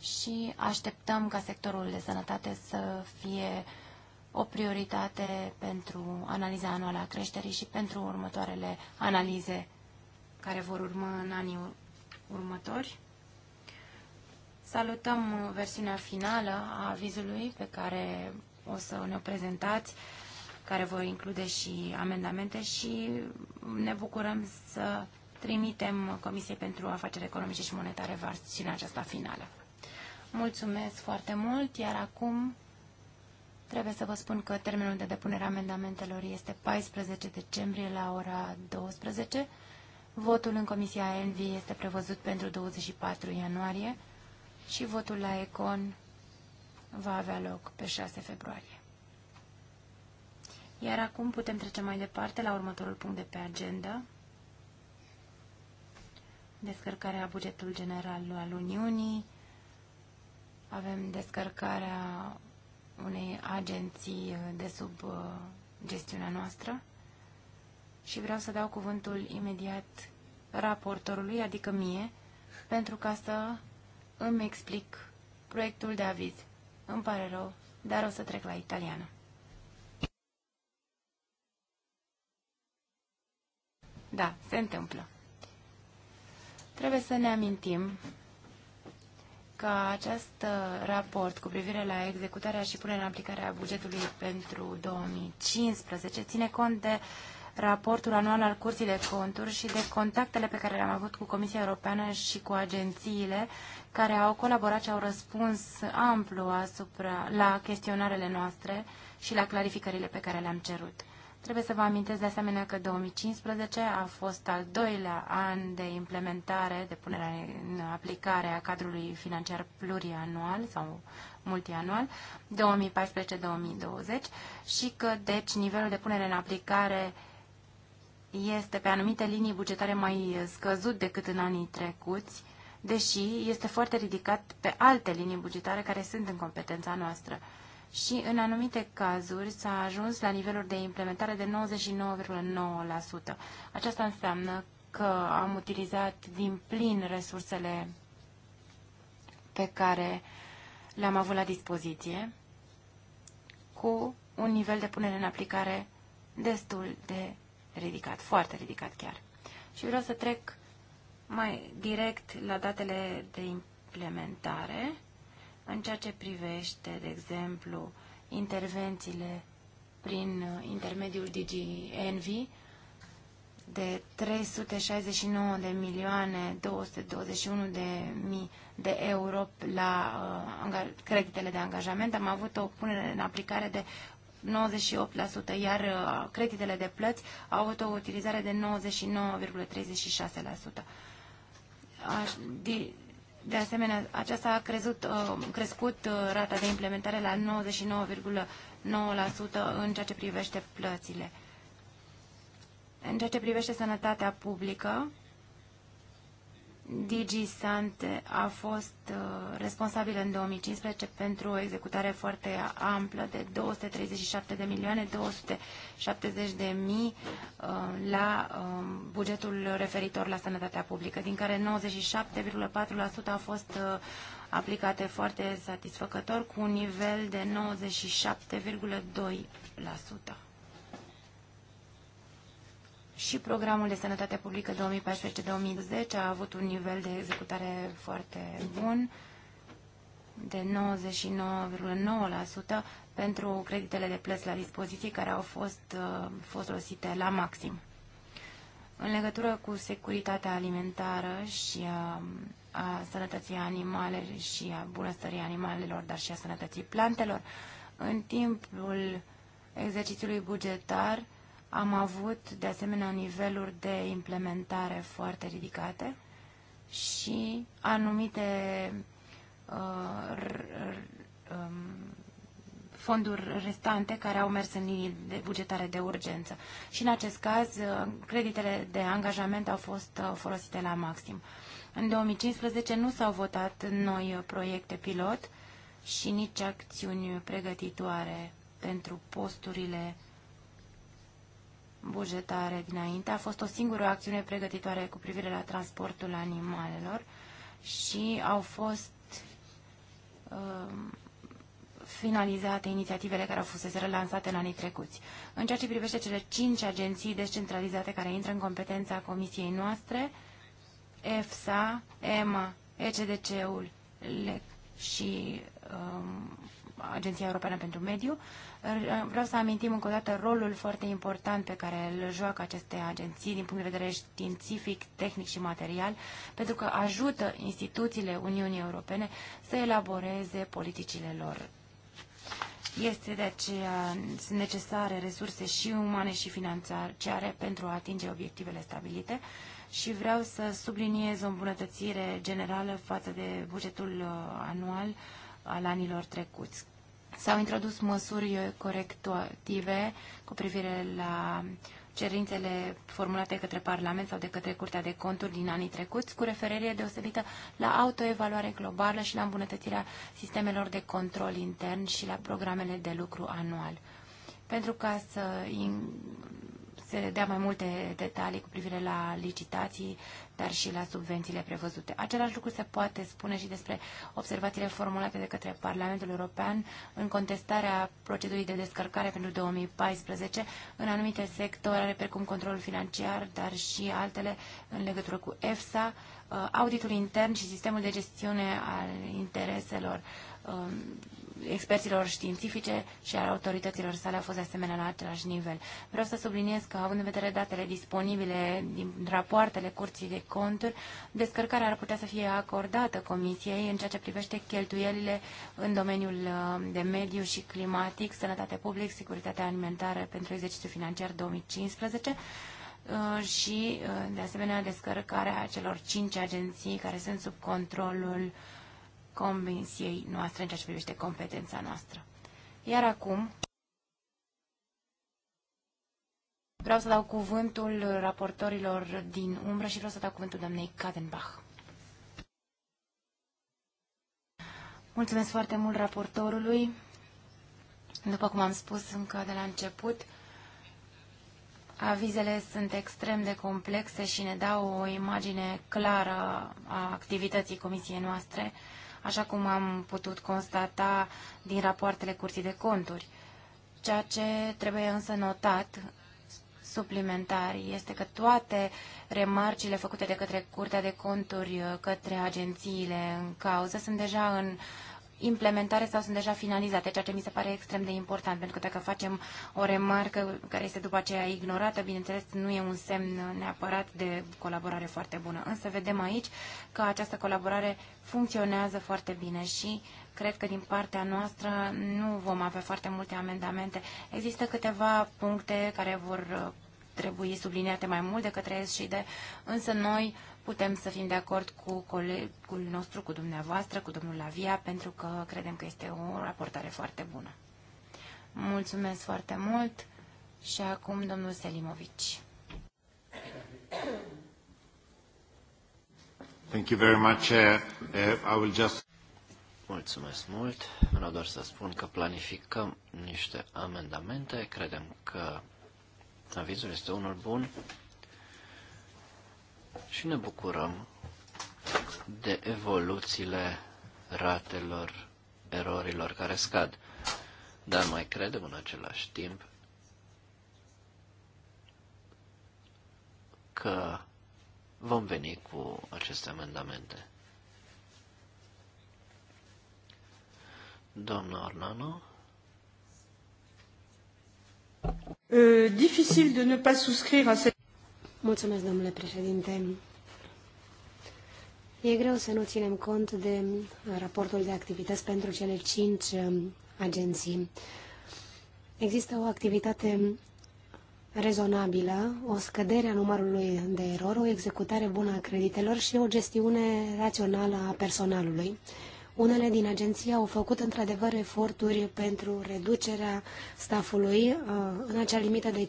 și așteptăm ca sectorul de sănătate să fie uh, o prioritate pentru analiza anuală a creșterii și pentru următoarele analize care vor urma în anii următori. Salutăm versiunea finală a avizului pe care o să ne-o prezentați, care vor include și amendamente și ne bucurăm să trimitem Comisiei pentru Afaceri Economice și Monetare versiunea aceasta finală. Mulțumesc foarte mult, iar acum Trebuie să vă spun că termenul de depunere a amendamentelor este 14 decembrie la ora 12. Votul în Comisia ENVI este prevăzut pentru 24 ianuarie și votul la ECON va avea loc pe 6 februarie. Iar acum putem trece mai departe la următorul punct de pe agenda. Descărcarea bugetul general al Uniunii. Avem descărcarea unei agenții uh, de sub uh, gestiunea noastră și vreau să dau cuvântul imediat raportorului, adică mie, pentru ca să îmi explic proiectul de aviz. Îmi pare rău, dar o să trec la italiană. Da, se întâmplă. Trebuie să ne amintim ca acest uh, raport cu privire la executarea și punerea în aplicare a bugetului pentru 2015 ține cont de raportul anual al Curții de Conturi și de contactele pe care le-am avut cu Comisia Europeană și cu agențiile care au colaborat și au răspuns amplu asupra la chestionarele noastre și la clarificările pe care le-am cerut. Trebuie să vă amintesc de asemenea că 2015 a fost al doilea an de implementare, de punere în aplicare a cadrului financiar plurianual sau multianual 2014-2020 și că, deci, nivelul de punere în aplicare este pe anumite linii bugetare mai scăzut decât în anii trecuți, deși este foarte ridicat pe alte linii bugetare care sunt în competența noastră și în anumite cazuri s-a ajuns la niveluri de implementare de 99,9%. Aceasta înseamnă că am utilizat din plin resursele pe care le-am avut la dispoziție cu un nivel de punere în aplicare destul de ridicat, foarte ridicat chiar. Și vreau să trec mai direct la datele de implementare în ceea ce privește, de exemplu, intervențiile prin uh, intermediul DGNV de 369 de milioane 221 de mii de euro la uh, creditele de angajament. Am avut o punere în aplicare de 98%, iar uh, creditele de plăți au avut o utilizare de 99,36%. De asemenea, aceasta a crezut, uh, crescut uh, rata de implementare la 99,9% în ceea ce privește plățile. În ceea ce privește sănătatea publică, DG Sante a fost uh, responsabilă în 2015 pentru o executare foarte amplă de 237 de milioane 270 de mii uh, la um, bugetul referitor la sănătatea publică, din care 97,4% a fost uh, aplicate foarte satisfăcător cu un nivel de 97,2% și programul de sănătate publică 2014 2010 a avut un nivel de executare foarte bun de 99,9% pentru creditele de plăți la dispoziție care au uh, fost folosite la maxim. În legătură cu securitatea alimentară și a, a sănătății animale și a bunăstării animalelor, dar și a sănătății plantelor, în timpul exercițiului bugetar, am avut, de asemenea, niveluri de implementare foarte ridicate și anumite uh, um, fonduri restante care au mers în linii de bugetare de urgență. Și în acest caz, uh, creditele de angajament au fost uh, folosite la maxim. În 2015 nu s-au votat noi proiecte pilot și nici acțiuni pregătitoare pentru posturile bugetare dinainte a fost o singură acțiune pregătitoare cu privire la transportul animalelor și au fost um, finalizate inițiativele care au fost relansate în anii trecuți. În ceea ce privește cele cinci agenții descentralizate care intră în competența comisiei noastre, EFSA, EMA, ECDC-ul și um, Agenția Europeană pentru Mediu. Vreau să amintim încă o dată rolul foarte important pe care îl joacă aceste agenții din punct de vedere științific, tehnic și material, pentru că ajută instituțiile Uniunii Europene să elaboreze politicile lor. Este de aceea sunt necesare resurse și umane și financiare pentru a atinge obiectivele stabilite și vreau să subliniez o îmbunătățire generală față de bugetul uh, anual al anilor trecuți. S-au introdus măsuri corective cu privire la cerințele formulate către Parlament sau de către Curtea de Conturi din anii trecuți, cu referire deosebită la autoevaluare globală și la îmbunătățirea sistemelor de control intern și la programele de lucru anual. Pentru ca să se dea mai multe detalii cu privire la licitații, dar și la subvențiile prevăzute. Același lucru se poate spune și despre observațiile formulate de către Parlamentul European în contestarea procedurii de descărcare pentru 2014 în anumite sectoare, precum controlul financiar, dar și altele în legătură cu EFSA, uh, auditul intern și sistemul de gestiune al intereselor um, experților științifice și al autorităților sale a fost de asemenea la același nivel. Vreau să subliniez că, având în vedere datele disponibile din rapoartele Curții de Conturi, descărcarea ar putea să fie acordată Comisiei în ceea ce privește cheltuielile în domeniul uh, de mediu și climatic, sănătate publică, securitatea alimentară pentru exercițiul financiar 2015, uh, și, uh, de asemenea, descărcarea celor cinci agenții care sunt sub controlul uh, Comisiei noastre în ceea ce privește competența noastră. Iar acum vreau să dau cuvântul raportorilor din umbră și vreau să dau cuvântul doamnei Kadenbach. Mulțumesc foarte mult raportorului. După cum am spus încă de la început, avizele sunt extrem de complexe și ne dau o imagine clară a activității comisiei noastre așa cum am putut constata din rapoartele Curții de Conturi. Ceea ce trebuie însă notat suplimentar este că toate remarcile făcute de către Curtea de Conturi către agențiile în cauză sunt deja în uh, implementare sau sunt deja finalizate, ceea ce mi se pare extrem de important, pentru că dacă facem o remarcă care este după aceea ignorată, bineînțeles, nu e un semn neapărat de colaborare foarte bună. Însă vedem aici că această colaborare funcționează foarte bine și cred că din partea noastră nu vom avea foarte multe amendamente. Există câteva puncte care vor uh, trebui subliniate mai mult de către SCD, de, însă noi putem să fim de acord cu colegul nostru, cu dumneavoastră, cu domnul Lavia, pentru că credem că este o raportare foarte bună. Mulțumesc foarte mult și acum domnul Selimovici. Thank you very much. Uh, uh, I will just... Mulțumesc mult. Vreau doar să spun că planificăm niște amendamente. Credem că avizul este unul bun și ne bucurăm de evoluțiile ratelor erorilor care scad. Dar mai credem în același timp că vom veni cu aceste amendamente. Doamna Ornano? Euh, dificil de ne pas souscrire à cette... Mulțumesc, domnule președinte. E greu să nu ținem cont de raportul de activități pentru cele cinci um, agenții. Există o activitate rezonabilă, o scădere a numărului de erori, o executare bună a creditelor și o gestiune rațională a personalului. Unele din agenții au făcut într-adevăr eforturi pentru reducerea stafului uh, în acea limită de 5%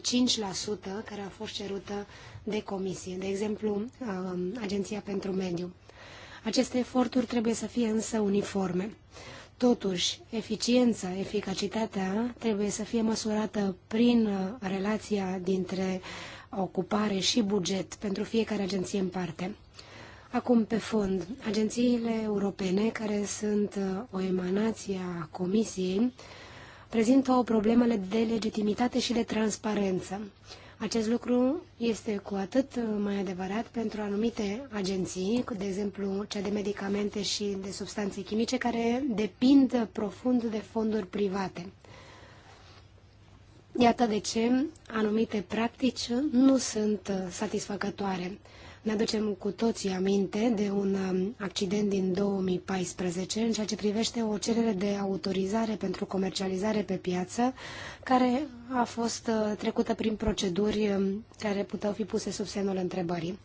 care a fost cerută de comisie, de exemplu uh, Agenția pentru Mediu. Aceste eforturi trebuie să fie însă uniforme. Totuși, eficiența, eficacitatea trebuie să fie măsurată prin uh, relația dintre ocupare și buget pentru fiecare agenție în parte. Acum, pe fond, agențiile europene, care sunt uh, o emanație a Comisiei, prezintă o problemă de legitimitate și de transparență. Acest lucru este cu atât uh, mai adevărat pentru anumite agenții, de exemplu cea de medicamente și de substanțe chimice, care depind uh, profund de fonduri private. Iată de ce anumite practici nu sunt satisfăcătoare. Ne aducem cu toții aminte de un um, accident din 2014 în ceea ce privește o cerere de autorizare pentru comercializare pe piață care a fost uh, trecută prin proceduri um, care puteau fi puse sub semnul întrebării.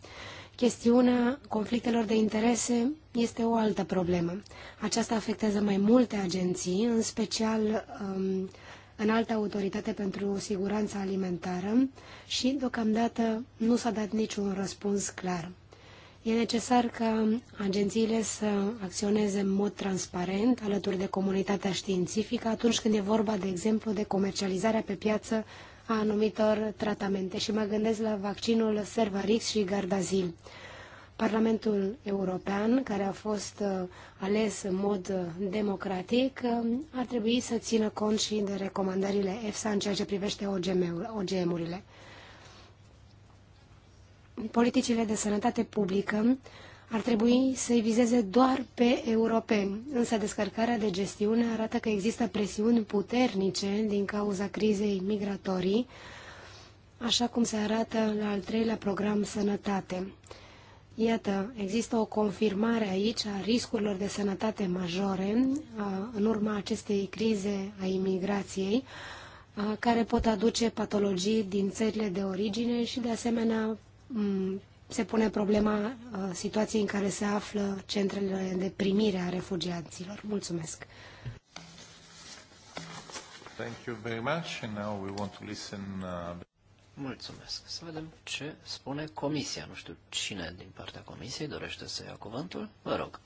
Chestiunea conflictelor de interese este o altă problemă. Aceasta afectează mai multe agenții, în special um, în alta autoritate pentru siguranța alimentară și deocamdată nu s-a dat niciun răspuns clar. E necesar ca agențiile să acționeze în mod transparent alături de comunitatea științifică atunci când e vorba, de exemplu, de comercializarea pe piață a anumitor tratamente și mă gândesc la vaccinul Servarix și Gardazil. Parlamentul European, care a fost uh, ales în mod uh, democratic, uh, ar trebui să țină cont și de recomandările EFSA în ceea ce privește OGM-urile. Politicile de sănătate publică ar trebui să-i vizeze doar pe europeni, însă descărcarea de gestiune arată că există presiuni puternice din cauza crizei migratorii, așa cum se arată la al treilea program Sănătate. Iată, există o confirmare aici a riscurilor de sănătate majore în urma acestei crize a imigrației, care pot aduce patologii din țările de origine și, de asemenea, se pune problema situației în care se află centrele de primire a refugiaților. Mulțumesc! Thank you very much. And now we want to listen, uh... Mulțumesc. Să vedem ce spune comisia. Nu știu cine din partea comisiei dorește să ia cuvântul. Vă rog.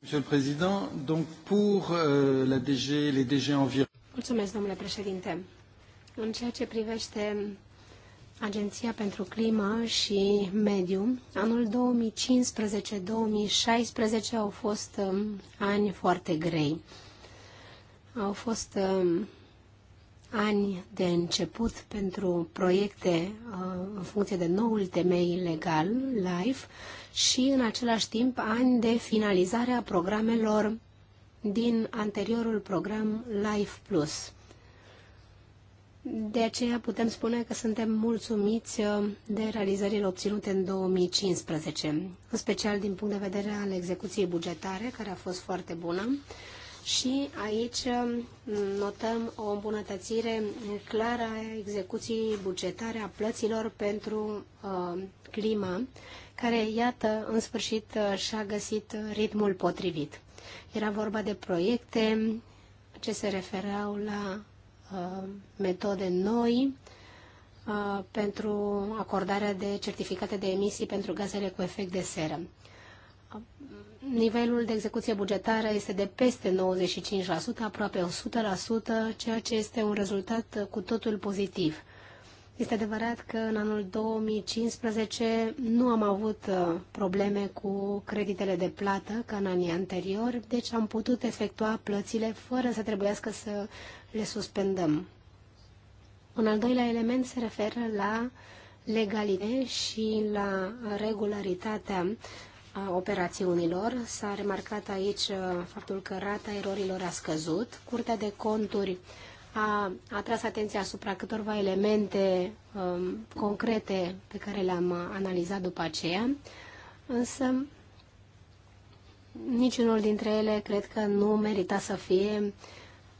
Monsieur le Président, donc pour euh, la DG, les DG environ... Mulțumesc, domnule președinte. În ceea ce privește Agenția pentru Climă și Mediu, anul 2015-2016 au fost um, ani foarte grei. Au fost um, ani de început pentru proiecte uh, în funcție de noul temei legal, LIFE, și în același timp ani de finalizare a programelor din anteriorul program LIFE+. Plus. De aceea putem spune că suntem mulțumiți uh, de realizările obținute în 2015, în special din punct de vedere al execuției bugetare, care a fost foarte bună, și aici um, notăm o îmbunătățire clară a execuției bugetare a plăților pentru uh, um, clima, care, iată, în sfârșit uh, și-a găsit ritmul potrivit. Era vorba de proiecte ce se referau la uh, metode noi uh, pentru acordarea de certificate de emisii pentru gazele cu efect de seră nivelul de execuție bugetară este de peste 95%, aproape 100%, ceea ce este un rezultat cu totul pozitiv. Este adevărat că în anul 2015 nu am avut uh, probleme cu creditele de plată ca în anii anteriori, deci am putut efectua plățile fără să trebuiască să le suspendăm. Un al doilea element se referă la legalitate și la regularitatea operațiunilor. S-a remarcat aici uh, faptul că rata erorilor a scăzut. Curtea de conturi a atras atenția asupra câtorva elemente um, concrete pe care le-am analizat după aceea, însă niciunul dintre ele cred că nu merita să fie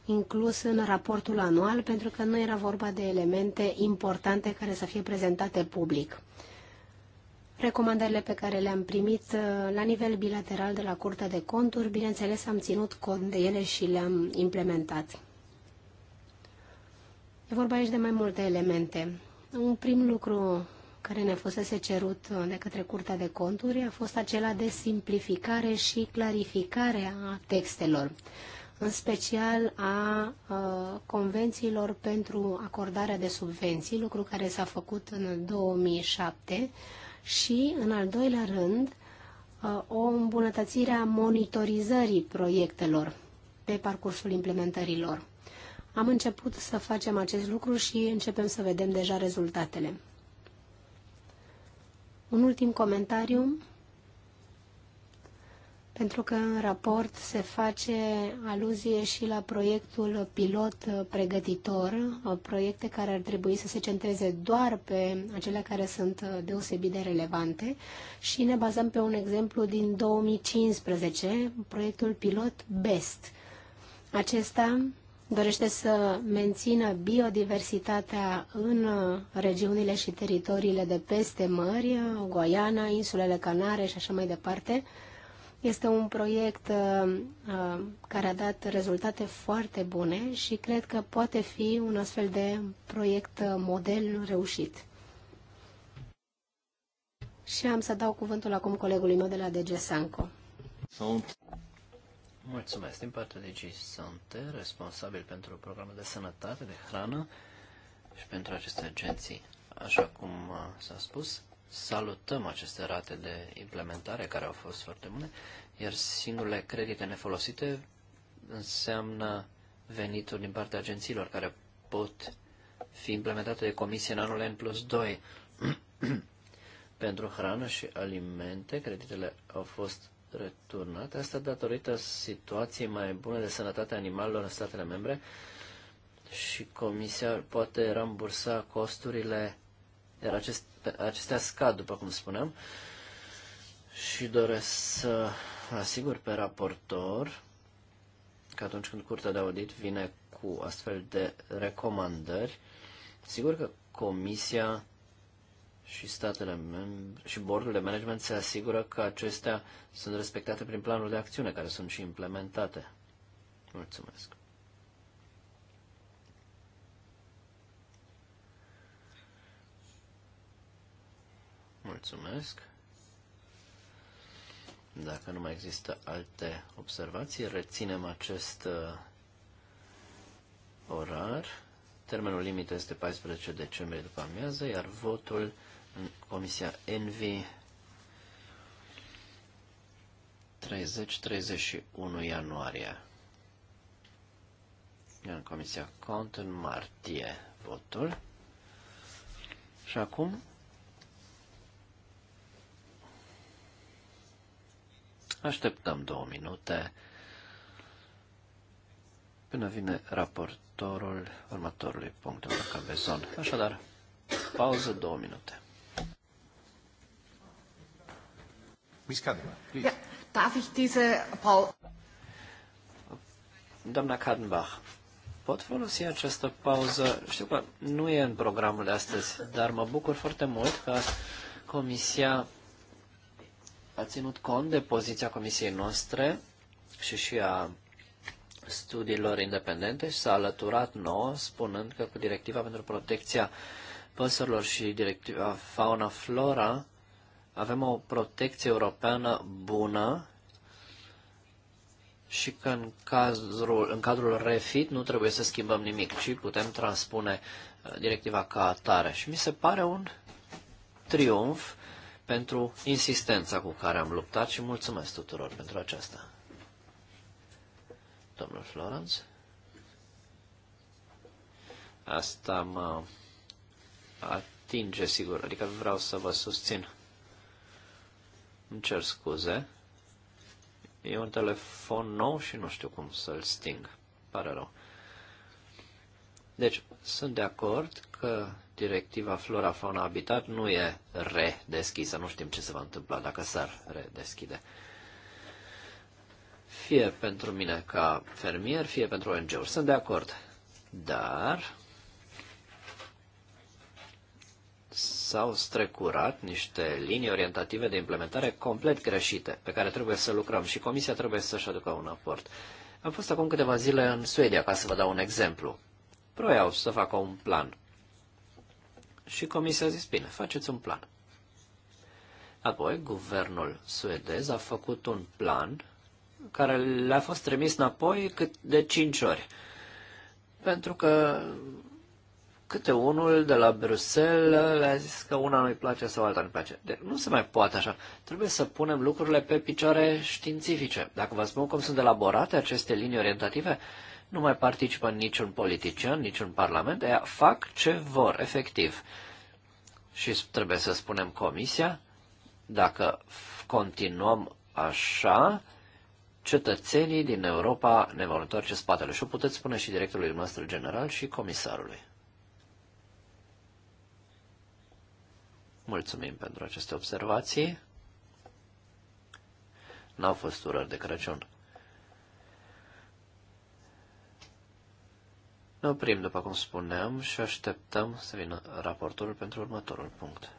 inclus în raportul anual, pentru că nu era vorba de elemente importante care să fie prezentate public recomandările pe care le-am primit uh, la nivel bilateral de la Curtea de Conturi, bineînțeles am ținut cont de ele și le-am implementat. E vorba aici de mai multe elemente. Un prim lucru care ne fusese cerut uh, de către Curtea de Conturi a fost acela de simplificare și clarificare a textelor, în special a, a uh, convențiilor pentru acordarea de subvenții, lucru care s-a făcut în 2007, și, în al doilea rând, uh, o îmbunătățire a monitorizării proiectelor pe parcursul implementărilor. Am început să facem acest lucru și începem să vedem deja rezultatele. Un ultim comentariu pentru că în raport se face aluzie și la proiectul pilot pregătitor, uh, proiecte care ar trebui să se centreze doar pe acele care sunt uh, deosebit de relevante și ne bazăm pe un exemplu din 2015, proiectul pilot BEST. Acesta dorește să mențină biodiversitatea în uh, regiunile și teritoriile de peste mări, Goiana, insulele Canare și așa mai departe, este un proiect uh, uh, care a dat rezultate foarte bune și cred că poate fi un astfel de proiect uh, model reușit. Și am să dau cuvântul acum colegului meu de la DG Sanco. Sunt. Mulțumesc. Din partea DG Sante, responsabil pentru programul de sănătate, de hrană și pentru aceste agenții. Așa cum s-a spus, salutăm aceste rate de implementare care au fost foarte bune, iar singurele credite nefolosite înseamnă venituri din partea agențiilor care pot fi implementate de comisie în anul N plus 2. Pentru hrană și alimente, creditele au fost returnate, asta datorită situației mai bune de sănătate animalelor în statele membre și comisia poate rambursa costurile iar acest, acestea scad, după cum spuneam, și doresc să asigur pe raportor că atunci când Curtea de Audit vine cu astfel de recomandări, sigur că Comisia și statele membre și bordul de management se asigură că acestea sunt respectate prin planul de acțiune care sunt și implementate. Mulțumesc. Mulțumesc. Dacă nu mai există alte observații, reținem acest uh, orar. Termenul limită este 14 decembrie după amiază, iar votul în Comisia Envi 30-31 ianuarie. Iar în Comisia Cont în martie votul. Și acum Așteptăm două minute până vine raportorul următorului punct, de Cabezon. Așadar, pauză două minute. Miss Kadenbach, please. Ja, darf ich diese Paul... Doamna Kadenbach, pot folosi această pauză? Știu că nu e în programul de astăzi, dar mă bucur foarte mult că Comisia a ținut cont de poziția comisiei noastre și și a studiilor independente și s-a alăturat nouă, spunând că cu directiva pentru protecția păsărilor și directiva fauna-flora avem o protecție europeană bună și că în, cazul, în cadrul refit nu trebuie să schimbăm nimic, ci putem transpune uh, directiva ca atare. Și mi se pare un triumf pentru insistența cu care am luptat și mulțumesc tuturor pentru aceasta. Domnul Florence? Asta mă atinge, sigur, adică vreau să vă susțin. Îmi cer scuze. E un telefon nou și nu știu cum să-l sting. Pare rău. Deci, sunt de acord că directiva Flora Fauna Habitat nu e redeschisă, nu știm ce se va întâmpla dacă s-ar redeschide. Fie pentru mine ca fermier, fie pentru ONG-uri. Sunt de acord. Dar s-au strecurat niște linii orientative de implementare complet greșite, pe care trebuie să lucrăm și Comisia trebuie să-și aducă un aport. Am fost acum câteva zile în Suedia, ca să vă dau un exemplu. Proiau să facă un plan și comisia a zis, bine, faceți un plan. Apoi, guvernul suedez a făcut un plan care le-a fost trimis înapoi cât de cinci ori. Pentru că câte unul de la Bruxelles le-a zis că una nu-i place sau alta nu-i place. Deci nu se mai poate așa. Trebuie să punem lucrurile pe picioare științifice. Dacă vă spun cum sunt elaborate aceste linii orientative, uh, nu mai participă niciun politician, niciun parlament, ea fac ce vor, efectiv. Și trebuie să spunem comisia, dacă continuăm așa, cetățenii din Europa ne vor întoarce spatele. Și o puteți spune și directorului nostru general și comisarului. Mulțumim pentru aceste observații. N-au fost urări de Crăciun. Ne oprim, după cum spuneam, și așteptăm să vină raportul pentru următorul punct.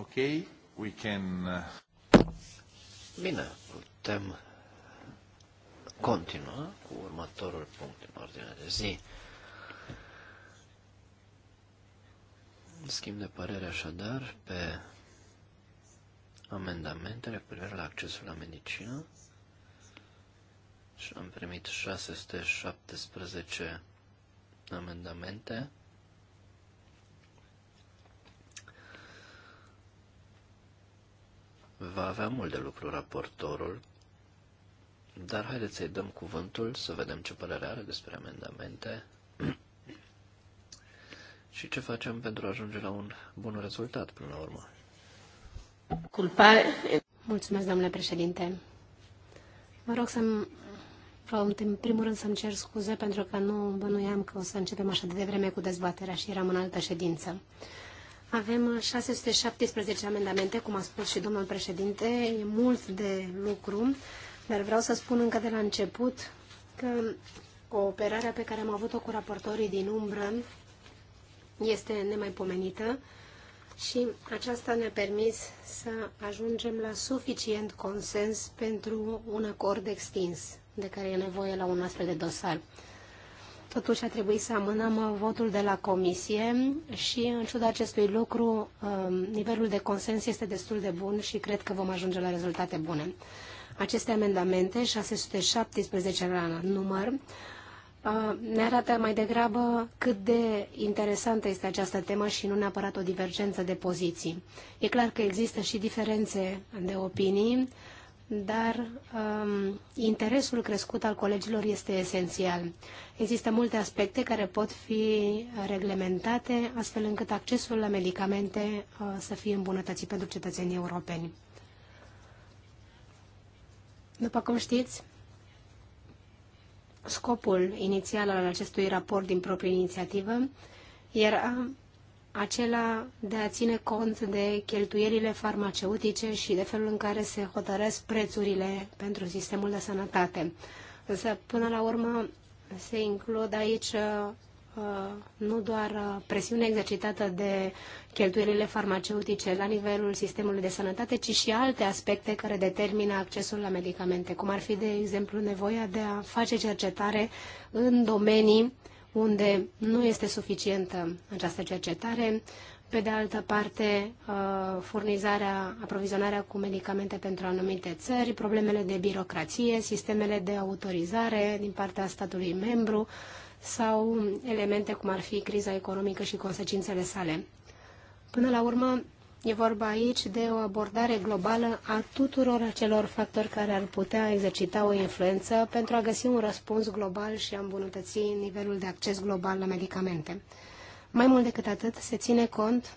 Ok, we can... Uh, Bine, putem continua cu următorul punct în ordine de zi. Schimb de părere așadar pe amendamentele privind privire la accesul la medicină și am primit 617 amendamente. Va avea mult de lucru raportorul, dar haideți să-i dăm cuvântul să vedem ce părere are despre amendamente și ce facem pentru a ajunge la un bun rezultat până la urmă. Culpa... Mulțumesc, domnule președinte. Mă rog să-mi în primul rând să-mi cer scuze pentru că nu bănuiam că o să începem așa de devreme cu dezbaterea și eram în altă ședință. Avem 617 uh, amendamente, cum a spus și domnul președinte, e mult de lucru, dar vreau să spun încă de la început că cooperarea pe care am avut-o cu raportorii din umbră este nemaipomenită și aceasta ne-a permis să ajungem la suficient consens pentru un acord extins de care e nevoie la un astfel de dosar. Totuși a trebuit să amânăm uh, votul de la comisie și, în ciuda acestui lucru, um, nivelul de consens este destul de bun și cred că vom ajunge la rezultate bune. Aceste amendamente, 617 la număr, uh, ne arată mai degrabă cât de interesantă este această temă și nu neapărat o divergență de poziții. E clar că există și diferențe de opinii, dar um, interesul crescut al colegilor este esențial. Există multe aspecte care pot fi reglementate, astfel încât accesul la medicamente uh, să fie îmbunătățit pentru cetățenii europeni. După cum știți, scopul inițial al acestui raport din proprie inițiativă era acela de a ține cont de cheltuielile farmaceutice și de felul în care se hotărăsc prețurile pentru sistemul de sănătate. Însă, până la urmă, se includ aici uh, uh, nu doar uh, presiunea exercitată de cheltuielile farmaceutice la nivelul sistemului de sănătate, ci și alte aspecte care determină accesul la medicamente, cum ar fi, de exemplu, nevoia de a face cercetare în domenii unde nu este suficientă această cercetare, pe de altă parte, uh, furnizarea, aprovizionarea cu medicamente pentru anumite țări, problemele de birocrație, sistemele de autorizare din partea statului membru sau elemente cum ar fi criza economică și consecințele sale. Până la urmă, E vorba aici de o abordare globală a tuturor acelor factori care ar putea exercita o influență pentru a găsi un răspuns global și a îmbunătăți nivelul de acces global la medicamente. Mai mult decât atât, se ține cont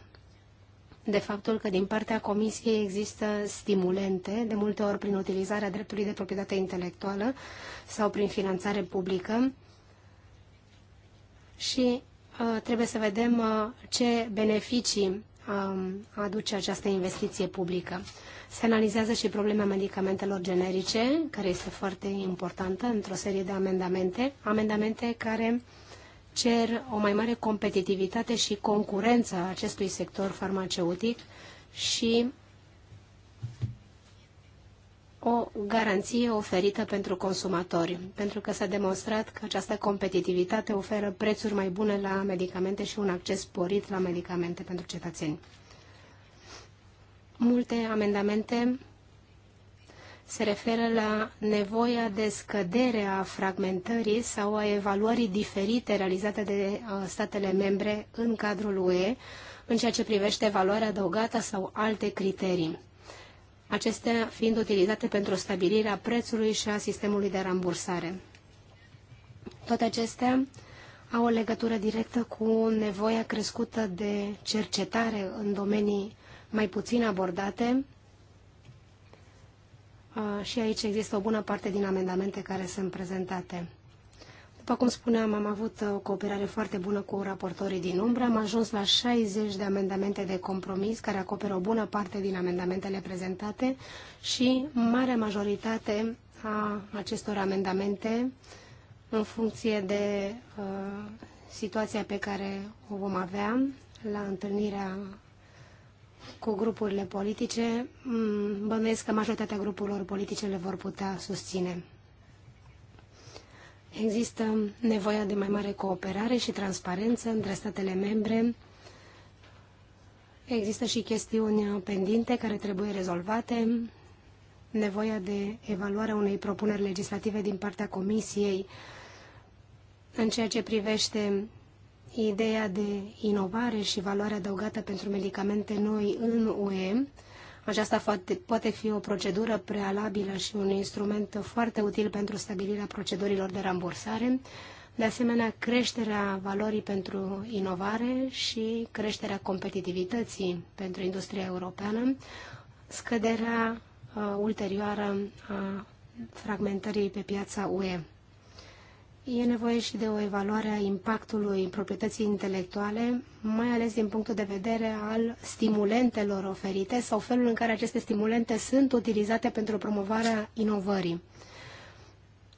de faptul că din partea Comisiei există stimulente, de multe ori prin utilizarea dreptului de proprietate intelectuală sau prin finanțare publică și uh, trebuie să vedem uh, ce beneficii aduce această investiție publică. Se analizează și problema medicamentelor generice, care este foarte importantă într-o serie de amendamente, amendamente care cer o mai mare competitivitate și concurență a acestui sector farmaceutic și o garanție oferită pentru consumatori, pentru că s-a demonstrat că această competitivitate oferă prețuri mai bune la medicamente și un acces sporit la medicamente pentru cetățeni. Multe amendamente se referă la nevoia de scădere a fragmentării sau a evaluării diferite realizate de uh, statele membre în cadrul UE în ceea ce privește valoarea adăugată sau alte criterii acestea fiind utilizate pentru stabilirea prețului și a sistemului de rambursare. Toate acestea au o legătură directă cu nevoia crescută de cercetare în domenii mai puțin abordate uh, și aici există o bună parte din amendamente care sunt prezentate. După cum spuneam, am avut uh, o cooperare foarte bună cu raportorii din umbră. Am ajuns la 60 de amendamente de compromis care acoperă o bună parte din amendamentele prezentate și marea majoritate a acestor amendamente în funcție de uh, situația pe care o vom avea la întâlnirea cu grupurile politice, mm, bănuiesc că majoritatea grupurilor politice le vor putea susține. Există nevoia de mai mare cooperare și transparență între statele membre. Există și chestiuni pendinte care trebuie rezolvate, nevoia de a unei propuneri legislative din partea Comisiei în ceea ce privește ideea de inovare și valoare adăugată pentru medicamente noi în UE aceasta poate fi o procedură prealabilă și un instrument foarte util pentru stabilirea procedurilor de rambursare, de asemenea creșterea valorii pentru inovare și creșterea competitivității pentru industria europeană, scăderea uh, ulterioară a fragmentării pe piața UE. E nevoie și de o evaluare a impactului proprietății intelectuale, mai ales din punctul de vedere al stimulentelor oferite sau felul în care aceste stimulente sunt utilizate pentru promovarea inovării.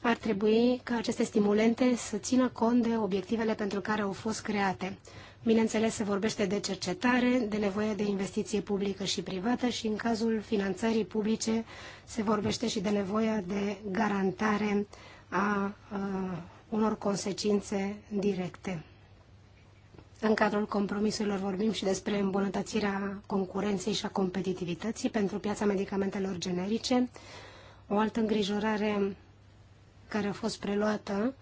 Ar trebui ca aceste stimulente să țină cont de obiectivele pentru care au fost create. Bineînțeles, se vorbește de cercetare, de nevoie de investiție publică și privată și în cazul finanțării publice se vorbește și de nevoia de garantare a, a unor consecințe directe. În cadrul compromisurilor vorbim și despre îmbunătățirea concurenței și a competitivității pentru piața medicamentelor generice. O altă îngrijorare care a fost preluată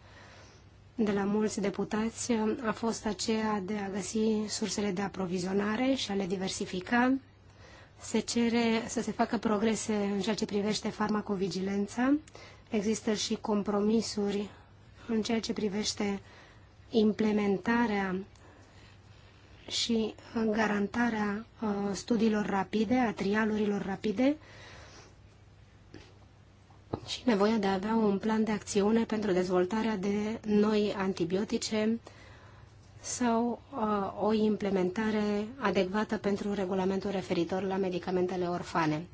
de la mulți deputați a fost aceea de a găsi sursele de aprovizionare și a le diversifica. Se cere să se facă progrese în ceea ce privește farmacovigilența. Există și compromisuri în ceea ce privește implementarea și uh, garantarea uh, studiilor rapide, a trialurilor rapide și nevoia de a avea un plan de acțiune pentru dezvoltarea de noi antibiotice sau uh, o implementare adecvată pentru regulamentul referitor la medicamentele orfane.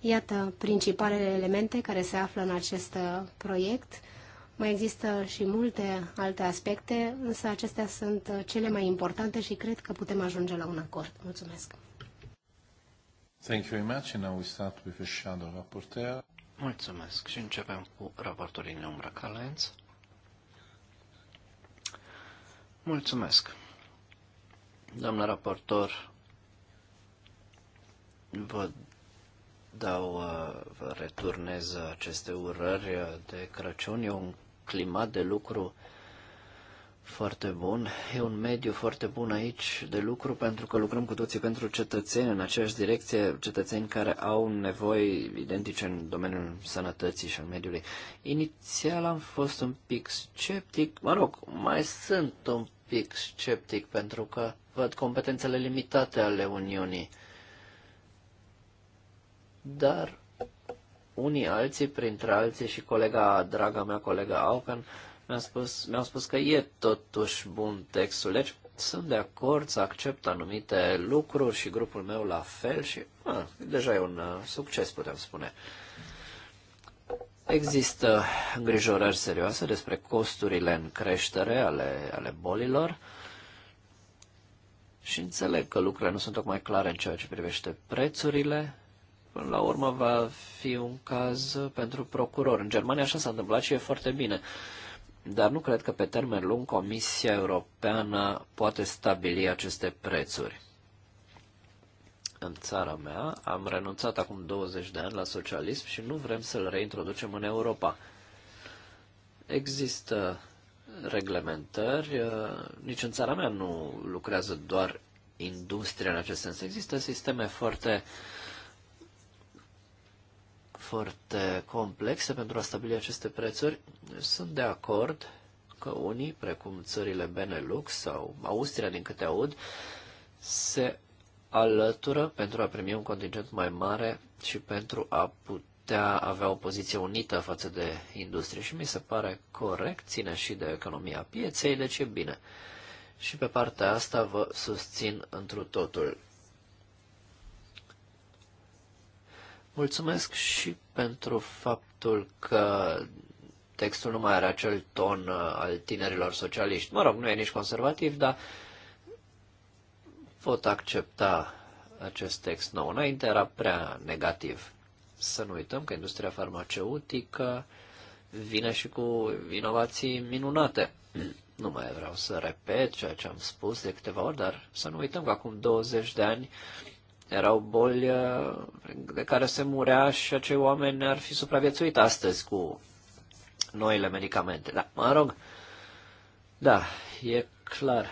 Iată principalele elemente care se află în acest proiect mai există și multe alte aspecte, însă acestea sunt cele mai importante și cred că putem ajunge la un acord. Mulțumesc. Thank you very much. And now we start with a shadow rapporteur. Mulțumesc și începem cu raportorii în umbră Calenț. Mulțumesc. Doamna raportor, vă dau, vă returnez aceste urări de Crăciun. Eu un climat de lucru foarte bun. E un mediu foarte bun aici de lucru pentru că lucrăm cu toții pentru cetățeni în aceeași direcție, cetățeni care au nevoi identice în domeniul sănătății și al mediului. Inițial am fost un pic sceptic, mă rog, mai sunt un pic sceptic pentru că văd competențele limitate ale Uniunii. Dar unii alții printre alții și colega, draga mea, colega Aucan, mi-a spus, mi spus că e totuși bun textul. Deci sunt de acord să accept anumite lucruri și grupul meu la fel și a, deja e un uh, succes, putem spune. Există îngrijorări serioase despre costurile în creștere ale, ale bolilor și înțeleg că lucrurile nu sunt tocmai clare în ceea ce privește prețurile, Până la urmă va fi un caz pentru procuror. În Germania așa s-a întâmplat și e foarte bine. Dar nu cred că pe termen lung Comisia Europeană poate stabili aceste prețuri. În țara mea am renunțat acum 20 de ani la socialism și nu vrem să-l reintroducem în Europa. Există reglementări, nici în țara mea nu lucrează doar industria în acest sens. Există sisteme foarte uh, foarte complexe pentru a stabili aceste prețuri. Sunt de acord că unii, precum țările Benelux sau Austria, din câte aud, se alătură pentru a primi un contingent mai mare și pentru a putea avea o poziție unită față de industrie. Și mi se pare corect, ține și de economia pieței, deci e bine. Și pe partea asta vă susțin întru totul. Mulțumesc și pentru faptul că textul nu mai are acel ton uh, al tinerilor socialiști. Mă rog, nu e nici conservativ, dar pot accepta acest text nou. Înainte era prea negativ. Să nu uităm că industria farmaceutică vine și cu inovații minunate. Nu mai vreau să repet ceea ce am spus de câteva ori, dar să nu uităm că acum 20 de ani erau boli uh, de care se murea și acei oameni ar fi supraviețuit astăzi cu noile medicamente. Da, mă rog, da, e clar.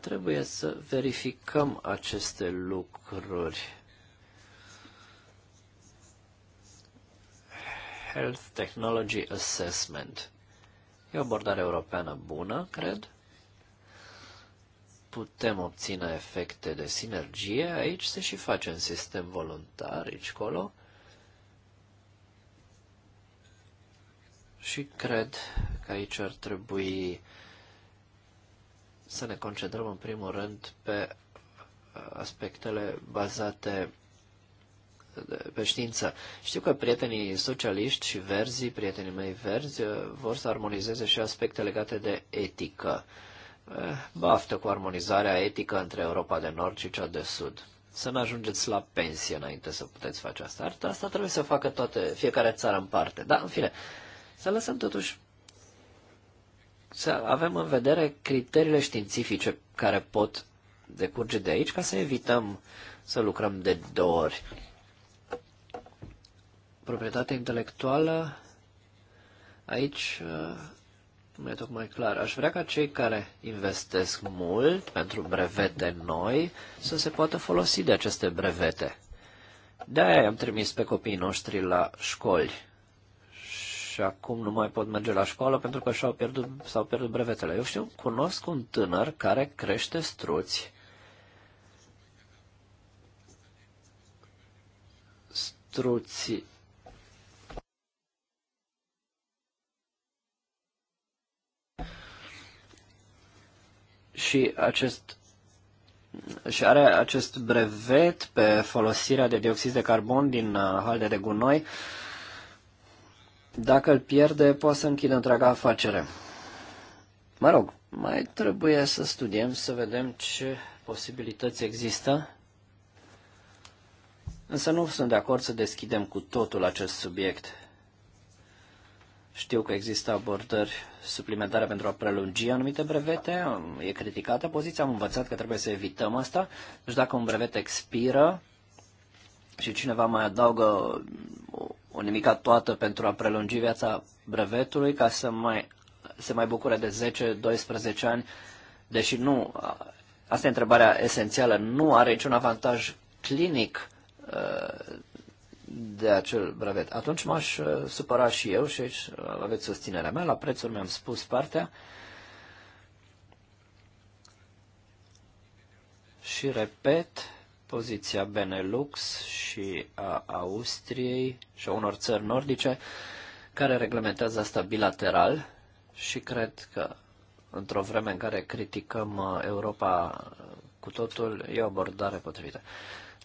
Trebuie să verificăm aceste lucruri. Health Technology Assessment. E o abordare europeană bună, cred putem obține efecte de sinergie, aici se și face un sistem voluntar, aici colo. Și cred că aici ar trebui să ne concentrăm în primul rând pe uh, aspectele bazate pe știință. Știu că prietenii socialiști și verzi, prietenii mei verzi, uh, vor să armonizeze și aspecte legate de etică. Eh, baftă cu armonizarea etică între Europa de Nord și cea de Sud. Să nu ajungeți la pensie înainte să puteți face asta. Asta trebuie să facă toate, fiecare țară în parte. Da, în fine, să lăsăm totuși să avem în vedere criteriile științifice care pot decurge de aici ca să evităm să lucrăm de două ori. Proprietatea intelectuală, aici eh, nu e tocmai clar. Aș vrea ca cei care investesc mult pentru brevete noi să se poată folosi de aceste brevete. De-aia am trimis pe copiii noștri la școli. Și acum nu mai pot merge la școală pentru că și-au pierdut, s-au pierdut brevetele. Eu știu, cunosc un tânăr care crește struți. Struții și acest și are acest brevet pe folosirea de dioxid de carbon din uh, halde de gunoi. Dacă îl pierde, poate să închidă întreaga afacere. Mă rog, mai trebuie să studiem, să vedem ce posibilități există. Însă nu sunt de acord să deschidem cu totul acest subiect. Știu că există abordări suplimentare pentru a prelungi anumite brevete, e criticată poziția, am învățat că trebuie să evităm asta. Deci dacă un brevet expiră și cineva mai adaugă o nimica toată pentru a prelungi viața brevetului ca să mai, se mai bucure de 10-12 ani, deși nu, asta e întrebarea esențială, nu are niciun avantaj clinic uh, de acel brevet. Atunci m-aș uh, supăra și eu și aici uh, aveți susținerea mea. La prețuri mi-am spus partea. Și repet, poziția Benelux și a Austriei și a unor țări nordice care reglementează asta bilateral și cred că într-o vreme în care criticăm uh, Europa cu totul, e o abordare potrivită.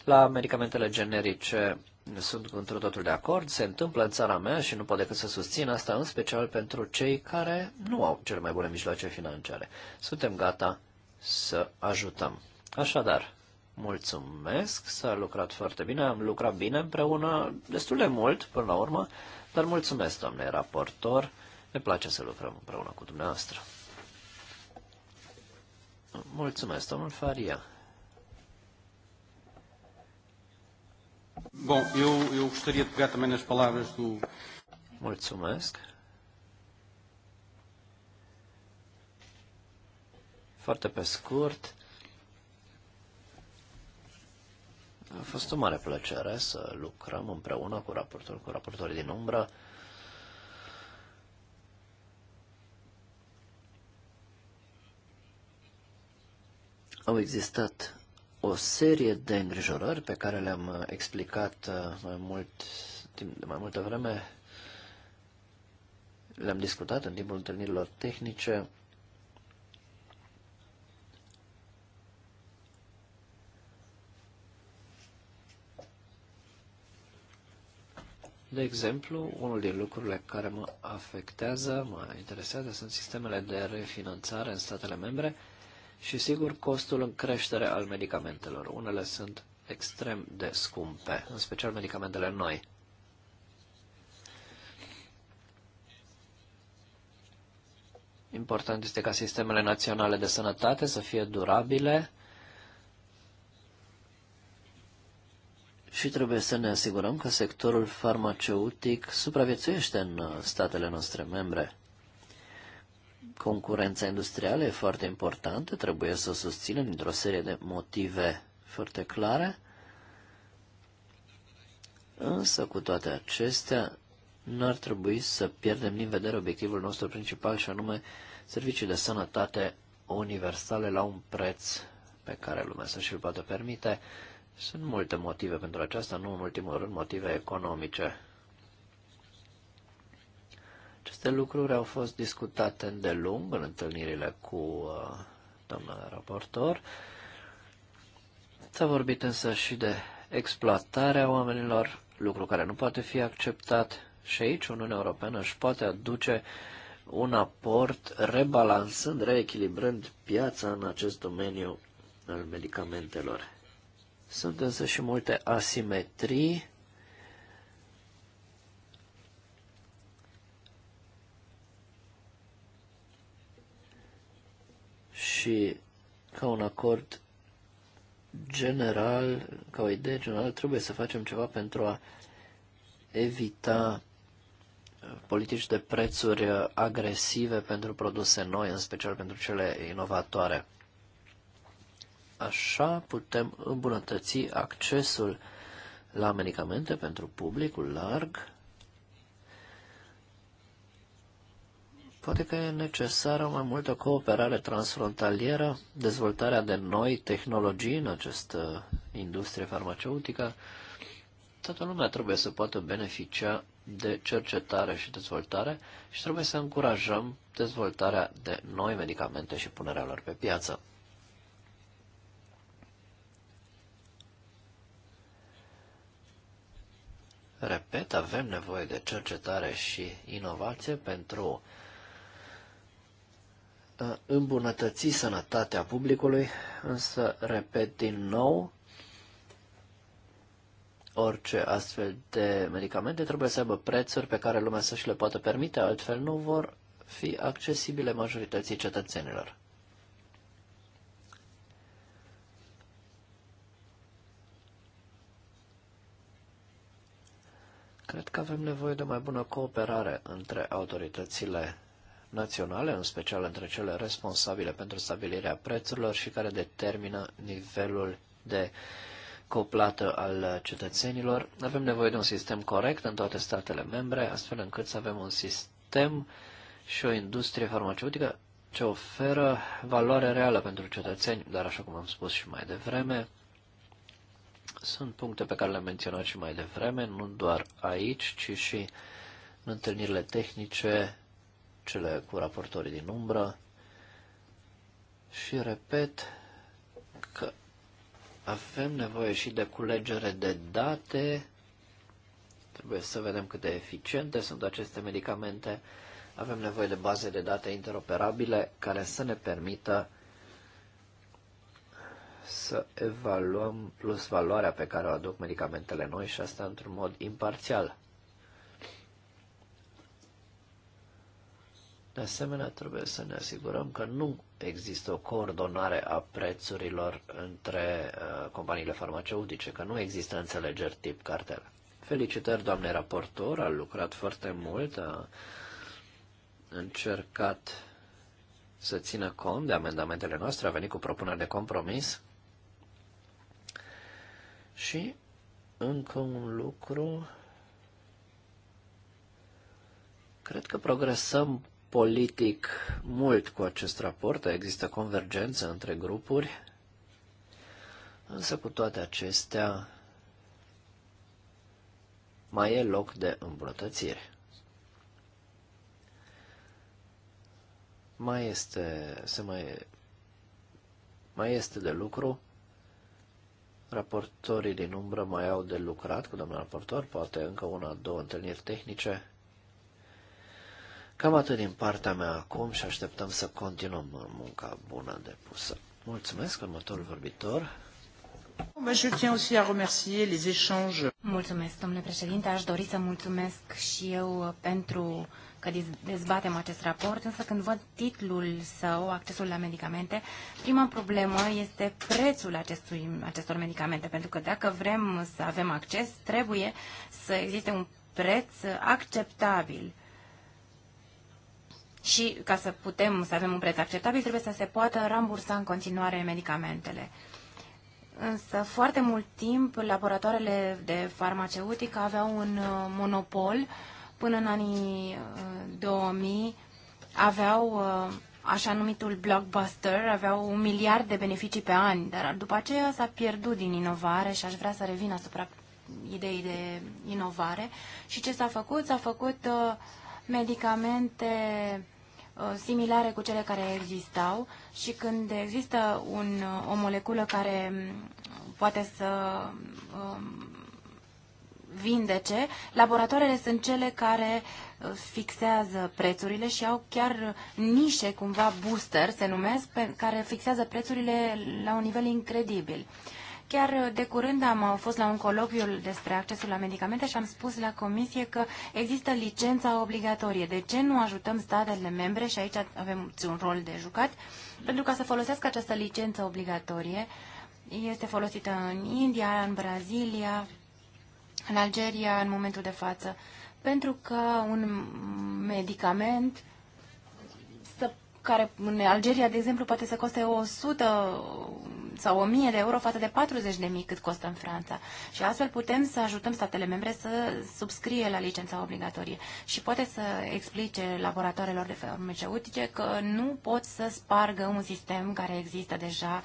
La medicamentele generice sunt într totul de acord, se întâmplă în țara mea și nu pot decât să susțin asta, în special pentru cei care nu au cele mai bune mijloace financiare. Suntem gata să ajutăm. Așadar, mulțumesc, s-a lucrat foarte bine, am lucrat bine împreună, destul de mult până la urmă, dar mulțumesc, doamne raportor, ne place să lucrăm împreună cu dumneavoastră. Mulțumesc, domnul Faria. Bun, eu, eu gostaria de pegar também nas palavras do... Mulțumesc. Foarte pe scurt, a fost o mare plăcere să lucrăm împreună cu raportul, cu raportorii din umbră. Au existat o serie de îngrijorări pe care le-am uh, explicat uh, mai mult timp de mai multă vreme, le-am discutat în timpul întâlnirilor tehnice. De exemplu, unul din lucrurile care mă afectează, mă interesează, sunt sistemele de refinanțare în statele membre, și, sigur, costul în creștere al medicamentelor. Unele sunt extrem de scumpe, în special medicamentele noi. Important este ca sistemele naționale de sănătate să fie durabile și trebuie să ne asigurăm că sectorul farmaceutic supraviețuiește în uh, statele noastre membre. Concurența industrială e foarte importantă, trebuie să o susținem dintr-o serie de motive foarte clare, însă cu toate acestea nu ar trebui să pierdem din vedere obiectivul nostru principal și anume servicii de sănătate universale la un preț pe care lumea să și-l poată permite. Sunt multe motive pentru aceasta, nu în ultimul rând motive economice. Aceste lucruri au fost discutate îndelung în întâlnirile cu uh, doamna raportor. S-a vorbit însă și de exploatarea oamenilor, lucru care nu poate fi acceptat și aici Uniunea Europeană își poate aduce un aport rebalansând, reechilibrând piața în acest domeniu al medicamentelor. Sunt însă și multe asimetrii și ca un acord general, ca o idee generală, trebuie să facem ceva pentru a evita uh, politici de prețuri uh, agresive pentru produse noi, în special pentru cele inovatoare. Așa putem îmbunătăți accesul la medicamente pentru publicul larg Poate că e necesară mai multă cooperare transfrontalieră, dezvoltarea de noi tehnologii în această industrie farmaceutică. Toată lumea trebuie să poată beneficia de cercetare și dezvoltare și trebuie să încurajăm dezvoltarea de noi medicamente și punerea lor pe piață. Repet, avem nevoie de cercetare și inovație pentru îmbunătăți sănătatea publicului, însă, repet din nou, orice astfel de medicamente trebuie să aibă prețuri pe care lumea să și le poată permite, altfel nu vor fi accesibile majorității cetățenilor. Cred că avem nevoie de mai bună cooperare între autoritățile naționale, în special între cele responsabile pentru stabilirea prețurilor și care determină nivelul de coplată al cetățenilor. Avem nevoie de un sistem corect în toate statele membre, astfel încât să avem un sistem și o industrie farmaceutică ce oferă valoare reală pentru cetățeni, dar așa cum am spus și mai devreme, sunt puncte pe care le-am menționat și mai devreme, nu doar aici, ci și în întâlnirile tehnice cele cu raportorii din umbră și repet că avem nevoie și de culegere de date, trebuie să vedem cât de eficiente sunt aceste medicamente, avem nevoie de baze de date interoperabile care să ne permită să evaluăm plus valoarea pe care o aduc medicamentele noi și asta într-un mod imparțial. De asemenea, trebuie să ne asigurăm că nu există o coordonare a prețurilor între uh, companiile farmaceutice, că nu există înțelegeri tip cartel. Felicitări, doamne raportor, a lucrat foarte mult, a încercat să țină cont de amendamentele noastre, a venit cu propuneri de compromis și încă un lucru, cred că progresăm politic mult cu acest raport, există convergență între grupuri, însă cu toate acestea mai e loc de îmbunătățire. Mai este, se mai, mai este de lucru. Raportorii din umbră mai au de lucrat cu domnul raportor, poate încă una, două întâlniri tehnice Cam atât din partea mea acum și așteptăm să continuăm munca bună depusă. Mulțumesc, următorul vorbitor. Mulțumesc, domnule președinte. Aș dori să mulțumesc și eu pentru că dezbatem acest raport, însă când văd titlul său, accesul la medicamente, prima problemă este prețul acestui, acestor medicamente, pentru că dacă vrem să avem acces, trebuie să existe un preț acceptabil și ca să putem să avem un preț acceptabil, trebuie să se poată rambursa în continuare medicamentele. Însă foarte mult timp laboratoarele de farmaceutică aveau un uh, monopol până în anii 2000 uh, aveau uh, așa numitul blockbuster, aveau un miliard de beneficii pe an, dar după aceea s-a pierdut din inovare și aș vrea să revin asupra ideii de inovare. Și ce s-a făcut? S-a făcut uh, medicamente Uh, similare cu cele care existau și când există un, uh, o moleculă care um, poate să um, vindece, laboratoarele sunt cele care uh, fixează prețurile și au chiar nișe, cumva booster se numesc, pe care fixează prețurile la un nivel incredibil. Uh, Chiar de curând am uh, fost la un colocviu despre accesul la medicamente și am spus la comisie că există licența obligatorie. De ce nu ajutăm statele membre, și aici avem un rol de jucat, pentru ca să folosească această licență obligatorie. Este folosită în India, în Brazilia, în Algeria, în momentul de față, pentru că un medicament care în Algeria, de exemplu, poate să coste 100 sau 1000 de euro față de 40 de mii cât costă în Franța. Și astfel putem să ajutăm statele membre să subscrie la licența obligatorie. Și poate să explice laboratoarelor de farmaceutice că nu pot să spargă un sistem care există deja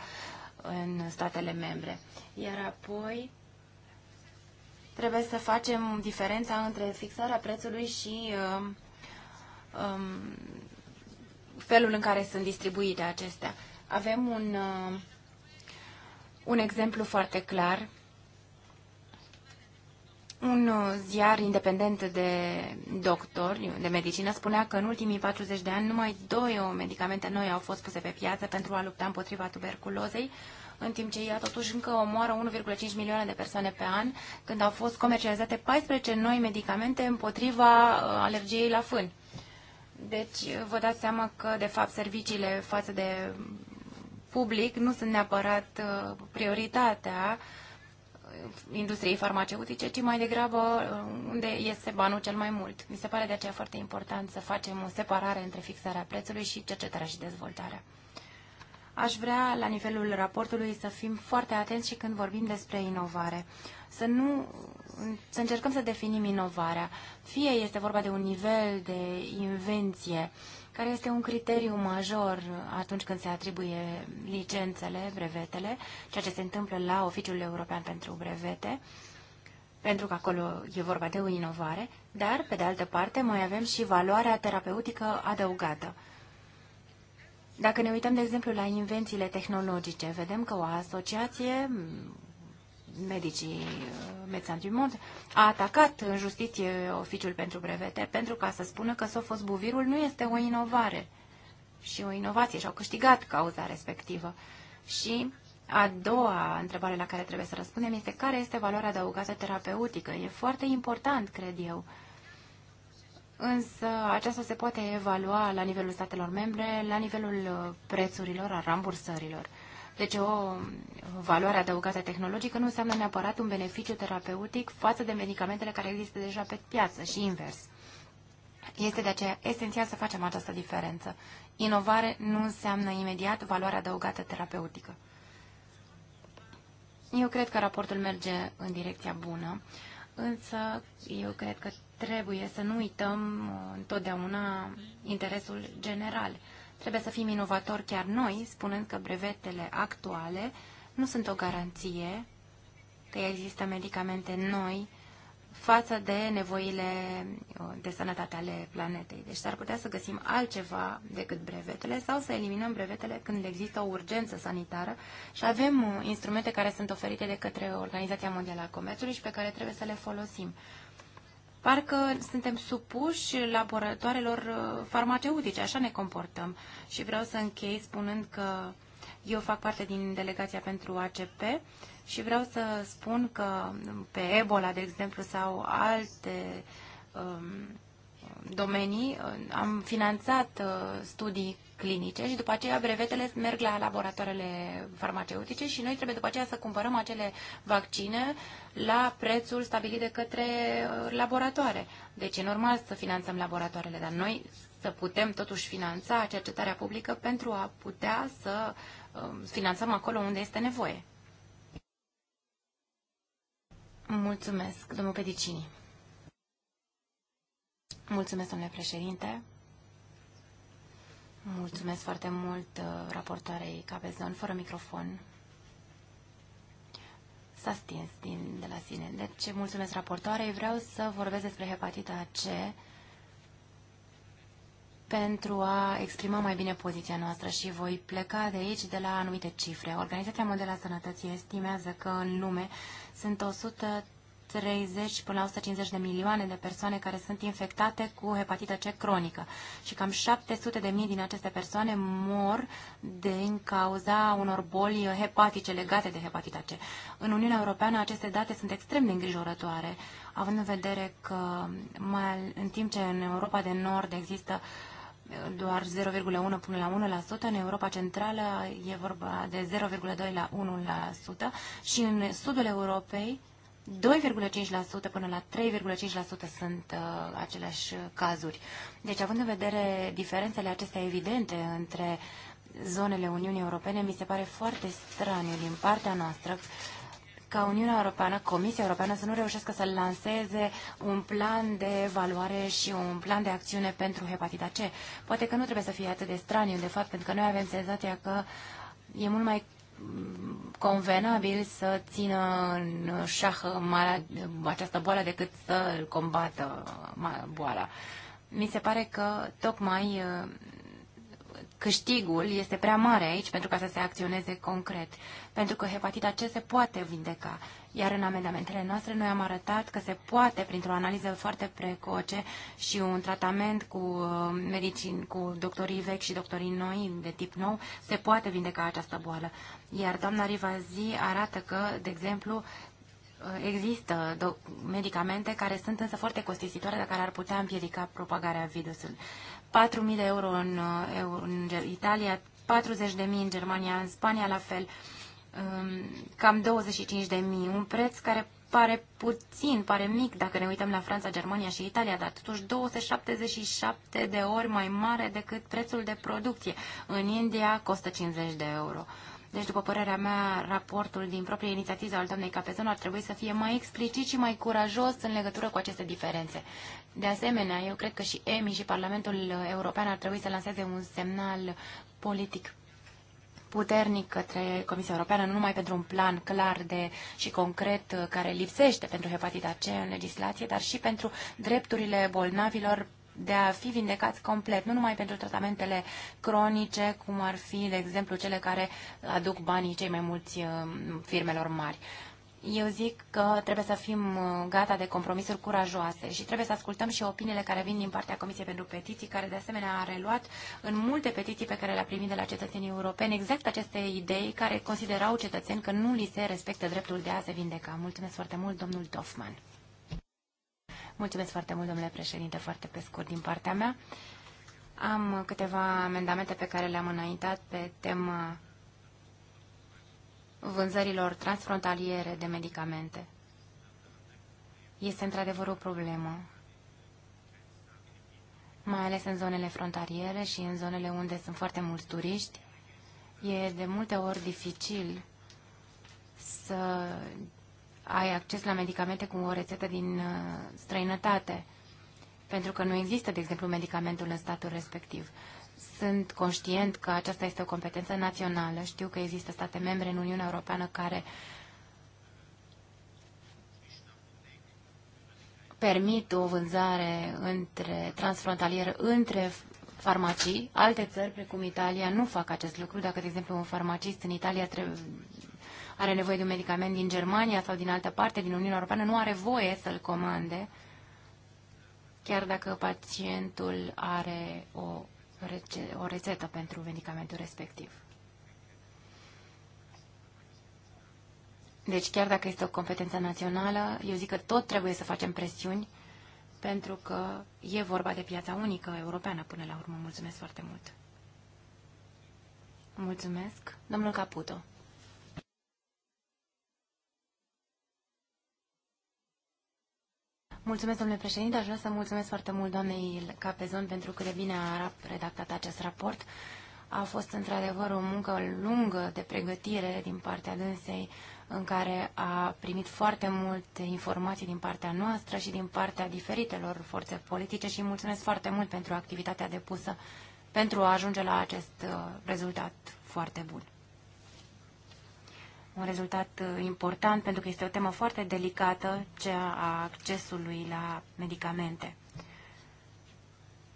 în statele membre. Iar apoi trebuie să facem diferența între fixarea prețului și um, um felul în care sunt distribuite acestea. Avem un, uh, un exemplu foarte clar. Un uh, ziar independent de doctori, de medicină, spunea că în ultimii 40 de ani numai două medicamente noi au fost puse pe piață pentru a lupta împotriva tuberculozei, în timp ce ea totuși încă omoară 1,5 milioane de persoane pe an, când au fost comercializate 14 noi medicamente împotriva uh, alergiei la fân. Deci vă dați seama că, de fapt, serviciile față de public nu sunt neapărat uh, prioritatea uh, industriei farmaceutice, ci mai degrabă uh, unde este banul cel mai mult. Mi se pare de aceea foarte important să facem o separare între fixarea prețului și cercetarea și dezvoltarea. Aș vrea, la nivelul raportului, să fim foarte atenți și când vorbim despre inovare. Să nu să încercăm să definim inovarea. Fie este vorba de un nivel de invenție, care este un criteriu major atunci când se atribuie licențele, brevetele, ceea ce se întâmplă la Oficiul European pentru Brevete, pentru că acolo e vorba de o inovare, dar, pe de altă parte, mai avem și valoarea terapeutică adăugată. Dacă ne uităm, de exemplu, la invențiile tehnologice, vedem că o asociație, medicii uh, Médecins du Monde, a atacat în justiție oficiul pentru brevete pentru ca să spună că Sofos Buvirul nu este o inovare și o inovație și au câștigat cauza respectivă. Și a doua întrebare la care trebuie să răspundem este care este valoarea adăugată terapeutică. E foarte important, cred eu. Însă aceasta se poate evalua la nivelul statelor membre, la nivelul uh, prețurilor, a rambursărilor. Deci o valoare adăugată tehnologică nu înseamnă neapărat un beneficiu terapeutic față de medicamentele care există deja pe piață și invers. Este de aceea esențial să facem această diferență. Inovare nu înseamnă imediat valoare adăugată terapeutică. Eu cred că raportul merge în direcția bună, însă eu cred că trebuie să nu uităm uh, întotdeauna interesul general. Trebuie să fim inovatori chiar noi, spunând că brevetele actuale nu sunt o garanție că există medicamente noi față de nevoile uh, de sănătate ale planetei. Deci s-ar putea să găsim altceva decât brevetele sau să eliminăm brevetele când există o urgență sanitară și avem uh, instrumente care sunt oferite de către Organizația Mondială a Comerțului și pe care trebuie să le folosim. Parcă suntem supuși laboratoarelor uh, farmaceutice, așa ne comportăm. Și vreau să închei spunând că eu fac parte din delegația pentru ACP și vreau să spun că pe Ebola, de exemplu, sau alte um, domenii. Am finanțat uh, studii clinice și după aceea brevetele merg la laboratoarele farmaceutice și noi trebuie după aceea să cumpărăm acele vaccine la prețul stabilit de către uh, laboratoare. Deci e normal să finanțăm laboratoarele, dar noi să putem totuși finanța cercetarea publică pentru a putea să um, finanțăm acolo unde este nevoie. Mulțumesc, domnul Pedicini. Mulțumesc, domnule președinte. Mulțumesc foarte mult uh, raportoarei Cabezon, fără microfon. S-a stins din, de la sine. Deci, mulțumesc raportoarei. Vreau să vorbesc despre hepatita C pentru a exprima mai bine poziția noastră și voi pleca de aici de la anumite cifre. Organizația Mondială a Sănătății estimează că în lume sunt 100 130 până la 150 de milioane de persoane care sunt infectate cu hepatită C cronică și cam 700 de mii din aceste persoane mor din cauza unor boli hepatice legate de hepatita C. În Uniunea Europeană aceste date sunt extrem de îngrijorătoare, având în vedere că mai în timp ce în Europa de Nord există eh, doar 0,1 până la 1%, în Europa Centrală e vorba de 0,2 la 1% și în sudul Europei 2,5% până la 3,5% sunt uh, aceleași uh, cazuri. Deci, având în vedere diferențele acestea evidente între zonele Uniunii Europene, mi se pare foarte straniu din partea noastră ca Uniunea Europeană, Comisia Europeană să nu reușească să lanseze un plan de evaluare și un plan de acțiune pentru hepatita C. Poate că nu trebuie să fie atât de straniu, de fapt, pentru că noi avem senzația că e mult mai convenabil să țină în șah mala, această boală decât să combată boala. Mi se pare că tocmai câștigul este prea mare aici pentru ca să se acționeze concret, pentru că hepatita C se poate vindeca. Iar în amendamentele noastre noi am arătat că se poate, printr-o analiză foarte precoce și un tratament cu uh, medicin, cu doctorii vechi și doctorii noi de tip nou, se poate vindeca această boală. Iar doamna Rivazi arată că, de exemplu, Există medicamente care sunt însă foarte costisitoare, dar care ar putea împiedica propagarea virusului. 4.000 de euro în, uh, în Italia, 40.000 în Germania, în Spania la fel, um, cam 25.000, un preț care pare puțin, pare mic dacă ne uităm la Franța, Germania și Italia, dar totuși 277 de ori mai mare decât prețul de producție. În India costă 50 de euro. Deci, după părerea mea, raportul din proprie inițiativă al doamnei Capezon ar trebui să fie mai explicit și mai curajos în legătură cu aceste diferențe. De asemenea, eu cred că și EMI și Parlamentul European ar trebui să lanseze un semnal politic puternic către Comisia Europeană, nu numai pentru un plan clar de, și concret care lipsește pentru hepatita C în legislație, dar și pentru drepturile bolnavilor de a fi vindecați complet, nu numai pentru tratamentele cronice, cum ar fi, de exemplu, cele care aduc banii cei mai mulți uh, firmelor mari. Eu zic că trebuie să fim uh, gata de compromisuri curajoase și trebuie să ascultăm și opiniile care vin din partea Comisiei pentru Petiții, care de asemenea a reluat în multe petiții pe care le-a primit de la cetățenii europeni exact aceste idei care considerau cetățeni că nu li se respectă dreptul de a se vindeca. Mulțumesc foarte mult, domnul Dofman. Mulțumesc foarte mult, domnule președinte, foarte pe scurt din partea mea. Am câteva amendamente pe care le-am înaintat pe tema vânzărilor transfrontaliere de medicamente. Este într-adevăr o problemă, mai ales în zonele frontaliere și în zonele unde sunt foarte mulți turiști. E de multe ori dificil să ai acces la medicamente cu o rețetă din uh, străinătate, pentru că nu există, de exemplu, medicamentul în statul respectiv. Sunt conștient că aceasta este o competență națională. Știu că există state membre în Uniunea Europeană care permit o vânzare între, transfrontalieră între farmacii. Alte țări, precum Italia, nu fac acest lucru. Dacă, de exemplu, un farmacist în Italia trebuie, are nevoie de un medicament din Germania sau din altă parte, din Uniunea Europeană, nu are voie să-l comande, chiar dacă pacientul are o, rece- o rețetă pentru medicamentul respectiv. Deci chiar dacă este o competență națională, eu zic că tot trebuie să facem presiuni pentru că e vorba de piața unică europeană până la urmă. Mulțumesc foarte mult! Mulțumesc, domnul Caputo. Mulțumesc, domnule președinte. Aș vrea să mulțumesc foarte mult doamnei Capezon pentru cât de bine a redactat acest raport. A fost într-adevăr o muncă lungă de pregătire din partea dânsei, în care a primit foarte multe informații din partea noastră și din partea diferitelor forțe politice și mulțumesc foarte mult pentru activitatea depusă pentru a ajunge la acest uh, rezultat foarte bun un rezultat uh, important pentru că este o temă foarte delicată, cea a accesului la medicamente.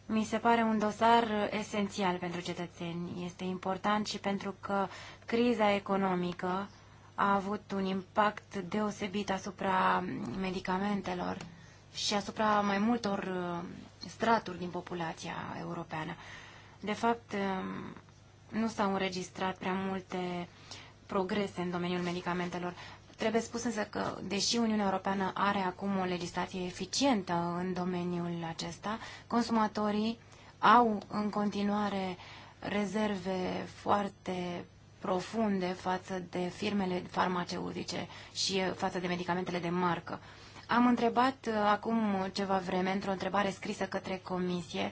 Mi se pare un dosar uh, esențial pentru cetățeni. Este important și pentru că criza economică a avut un impact deosebit asupra medicamentelor și asupra mai multor uh, straturi din populația europeană. De fapt, nu s-au înregistrat prea multe progrese în domeniul medicamentelor. Trebuie spus însă că, deși Uniunea Europeană are acum o legislație eficientă în domeniul acesta, consumatorii au în continuare rezerve foarte profunde față de firmele farmaceutice și eh, față de medicamentele de marcă. Am întrebat eh, acum ceva vreme, într-o întrebare scrisă către Comisie, uh,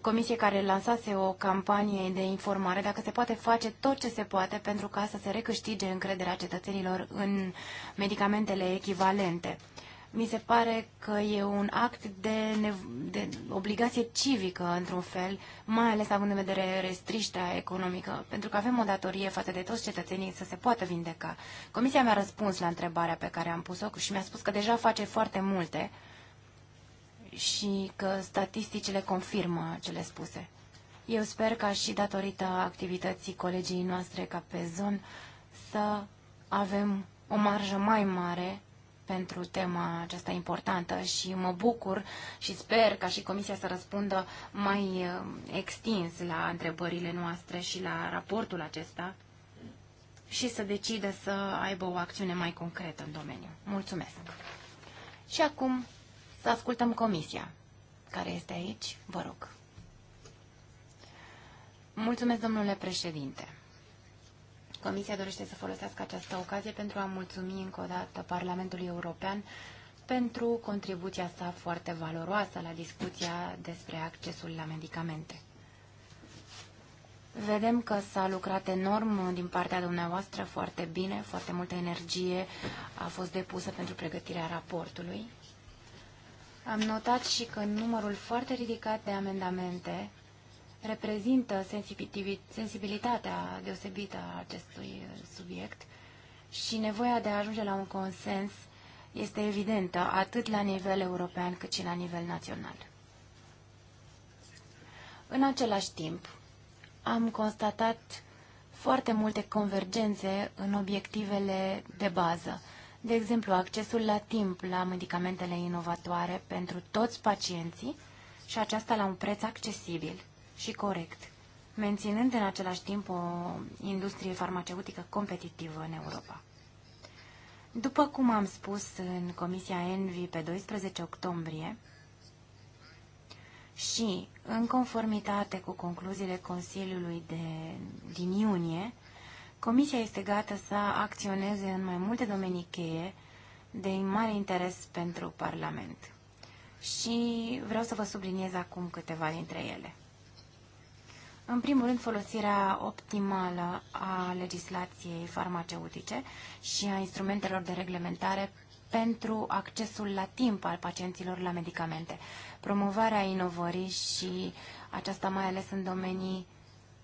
comisie care lansase o campanie de informare dacă se poate face tot ce se poate pentru ca să se recâștige încrederea cetățenilor în medicamentele echivalente. Mi se pare că e un act de, de obligație civică, într-un fel, mai ales având în vedere restriștea economică, pentru că avem o datorie față de toți cetățenii să se poată vindeca. Comisia mi-a răspuns la întrebarea pe care am pus-o și mi-a spus că deja face foarte multe, și că statisticile confirmă cele spuse. Eu sper ca și datorită activității colegii noastre ca pe zon să avem o marjă mai mare pentru tema aceasta importantă și mă bucur și sper ca și Comisia să răspundă mai uh, extins la întrebările noastre și la raportul acesta și să decide să aibă o acțiune mai concretă în domeniu. Mulțumesc! Și acum să ascultăm comisia care este aici. Vă rog. Mulțumesc, domnule președinte. Comisia dorește să folosească această ocazie pentru a mulțumi încă o dată Parlamentului European pentru contribuția sa foarte valoroasă la discuția despre accesul la medicamente. Vedem că s-a lucrat enorm din partea dumneavoastră, foarte bine, foarte multă energie a fost depusă pentru pregătirea raportului am notat și că numărul foarte ridicat de amendamente reprezintă sensibilitatea deosebită a acestui subiect și nevoia de a ajunge la un consens este evidentă atât la nivel european cât și la nivel național. În același timp, am constatat foarte multe convergențe în obiectivele de bază de exemplu, accesul la timp la medicamentele inovatoare pentru toți pacienții și aceasta la un preț accesibil și corect, menținând în același timp o industrie farmaceutică competitivă în Europa. După cum am spus în Comisia Envi pe 12 octombrie și în conformitate cu concluziile Consiliului de, din iunie, Comisia este gata să acționeze în mai multe domenii cheie de mare interes pentru Parlament. Și vreau să vă subliniez acum câteva dintre ele. În primul rând, folosirea optimală a legislației farmaceutice și a instrumentelor de reglementare pentru accesul la timp al pacienților la medicamente, promovarea inovării și aceasta mai ales în domenii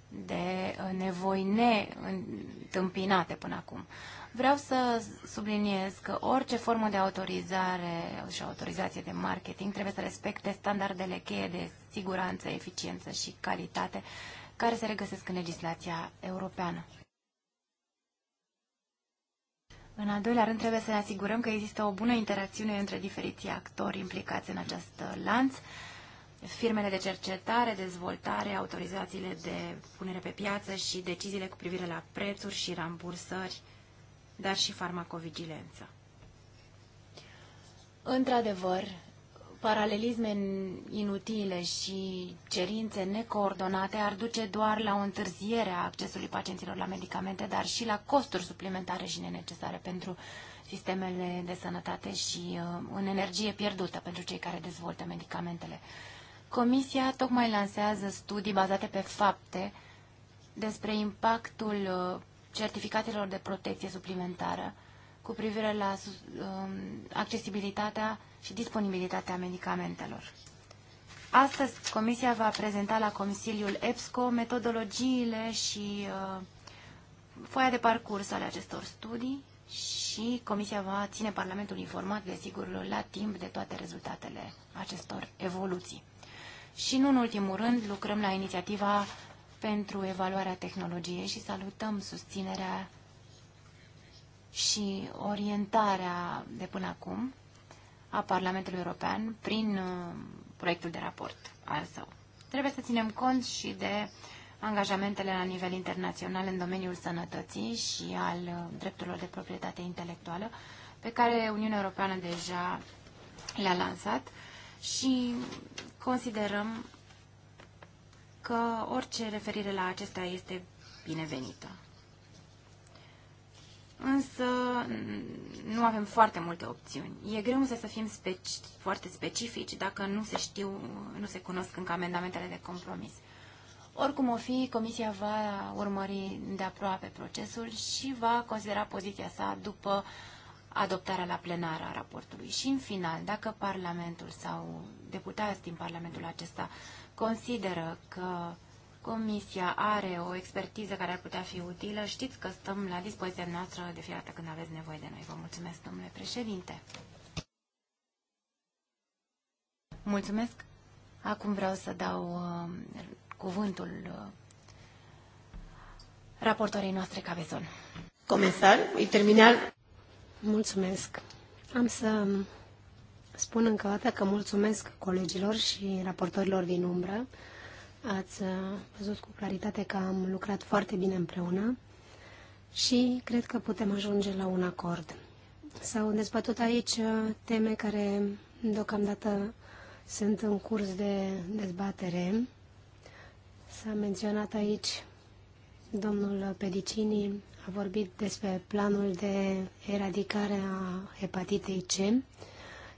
de uh, nevoi neîntâmpinate până acum. Vreau să subliniez că orice formă de autorizare și autorizație de marketing trebuie să respecte standardele cheie de siguranță, eficiență și calitate care se regăsesc în legislația europeană. În al doilea rând, trebuie să ne asigurăm că există o bună interacțiune între diferiții actori implicați în acest uh, lanț, firmele de cercetare, dezvoltare, autorizațiile de punere pe piață și deciziile cu privire la prețuri și rambursări, dar și farmacovigilență. Într-adevăr, paralelisme inutile și cerințe necoordonate ar duce doar la o întârziere a accesului pacienților la medicamente, dar și la costuri suplimentare și nenecesare pentru sistemele de sănătate și uh, în energie pierdută pentru cei care dezvoltă medicamentele. Comisia tocmai lansează studii bazate pe fapte despre impactul uh, certificatelor de protecție suplimentară cu privire la um, accesibilitatea și disponibilitatea medicamentelor. Astăzi, Comisia va prezenta la Consiliul EPSCO metodologiile și uh, foaia de parcurs ale acestor studii și Comisia va ține Parlamentul informat, desigur, la timp de toate rezultatele acestor evoluții. Și nu în ultimul rând lucrăm la inițiativa pentru evaluarea tehnologiei și salutăm susținerea și orientarea de până acum a Parlamentului European prin uh, proiectul de raport al său. Trebuie să ținem cont și de angajamentele la nivel internațional în domeniul sănătății și al uh, drepturilor de proprietate intelectuală pe care Uniunea Europeană deja le-a lansat și considerăm că orice referire la acesta este binevenită. Însă nu avem foarte multe opțiuni. E greu să să fim speci foarte specifici dacă nu se știu, nu se cunosc încă amendamentele de compromis. Oricum o fi, Comisia va urmări de aproape procesul și va considera poziția sa după uh, adoptarea la plenară a raportului. Și în final, dacă Parlamentul sau deputați din Parlamentul acesta consideră că Comisia are o expertiză care ar putea fi utilă, știți că stăm la dispoziția noastră de fiecare dată când aveți nevoie de noi. Vă mulțumesc, domnule președinte. Mulțumesc. Acum vreau să dau uh, cuvântul uh, raportorii noastre Cabezon. Comisar, îi terminal. Mulțumesc. Am să spun încă o dată că mulțumesc colegilor și raportorilor din umbră. Ați uh, văzut cu claritate că am lucrat foarte bine împreună și cred că putem ajunge la un acord. S-au dezbătut aici uh, teme care deocamdată sunt în curs de dezbatere. S-a menționat aici domnul Pedicini a vorbit despre planul de eradicare a hepatitei C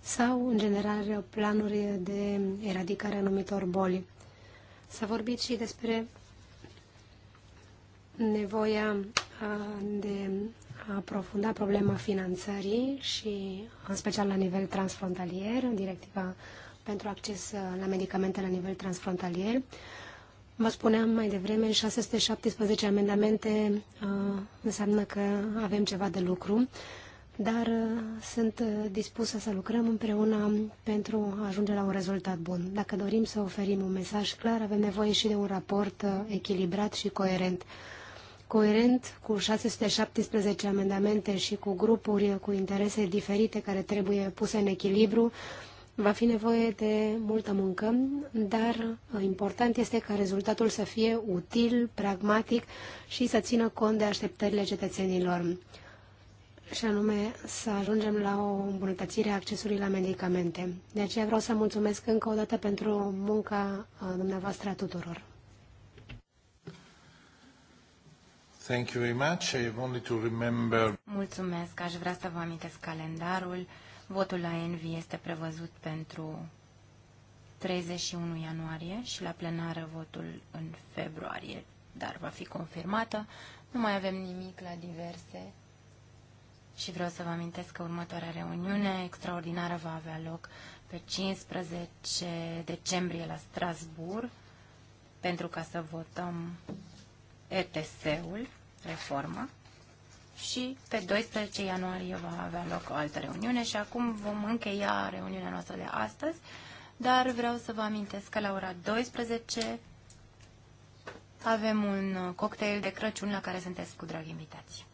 sau, în general, planuri de eradicare a anumitor boli. S-a vorbit și despre nevoia de a aprofunda problema finanțării și, în special, la nivel transfrontalier, în directiva pentru acces la medicamente la nivel transfrontalier. Vă spuneam mai devreme, 617 amendamente uh, înseamnă că avem ceva de lucru, dar uh, sunt uh, dispusă să lucrăm împreună pentru a ajunge la un rezultat bun. Dacă dorim să oferim un mesaj clar, avem nevoie și de un raport echilibrat și coerent. Coerent cu 617 amendamente și cu grupuri cu interese diferite care trebuie puse în echilibru, Va fi nevoie de multă muncă, dar uh, important este ca rezultatul să fie util, pragmatic și să țină cont de așteptările cetățenilor, și anume să ajungem la o îmbunătățire a accesului la medicamente. De aceea vreau să mulțumesc încă o dată pentru munca uh, dumneavoastră a tuturor. Thank you very much. I only to remember... Mulțumesc. Aș vrea să vă amintesc calendarul. Votul la ENVI este prevăzut pentru 31 ianuarie și la plenară votul în februarie, dar va fi confirmată. Nu mai avem nimic la diverse și vreau să vă amintesc că următoarea reuniune extraordinară va avea loc pe 15 decembrie la Strasbourg pentru ca să votăm ETS-ul, reforma și pe 12 ianuarie va avea loc o altă reuniune și acum vom încheia reuniunea noastră de astăzi, dar vreau să vă amintesc că la ora 12 avem un cocktail de Crăciun la care sunteți cu drag invitați.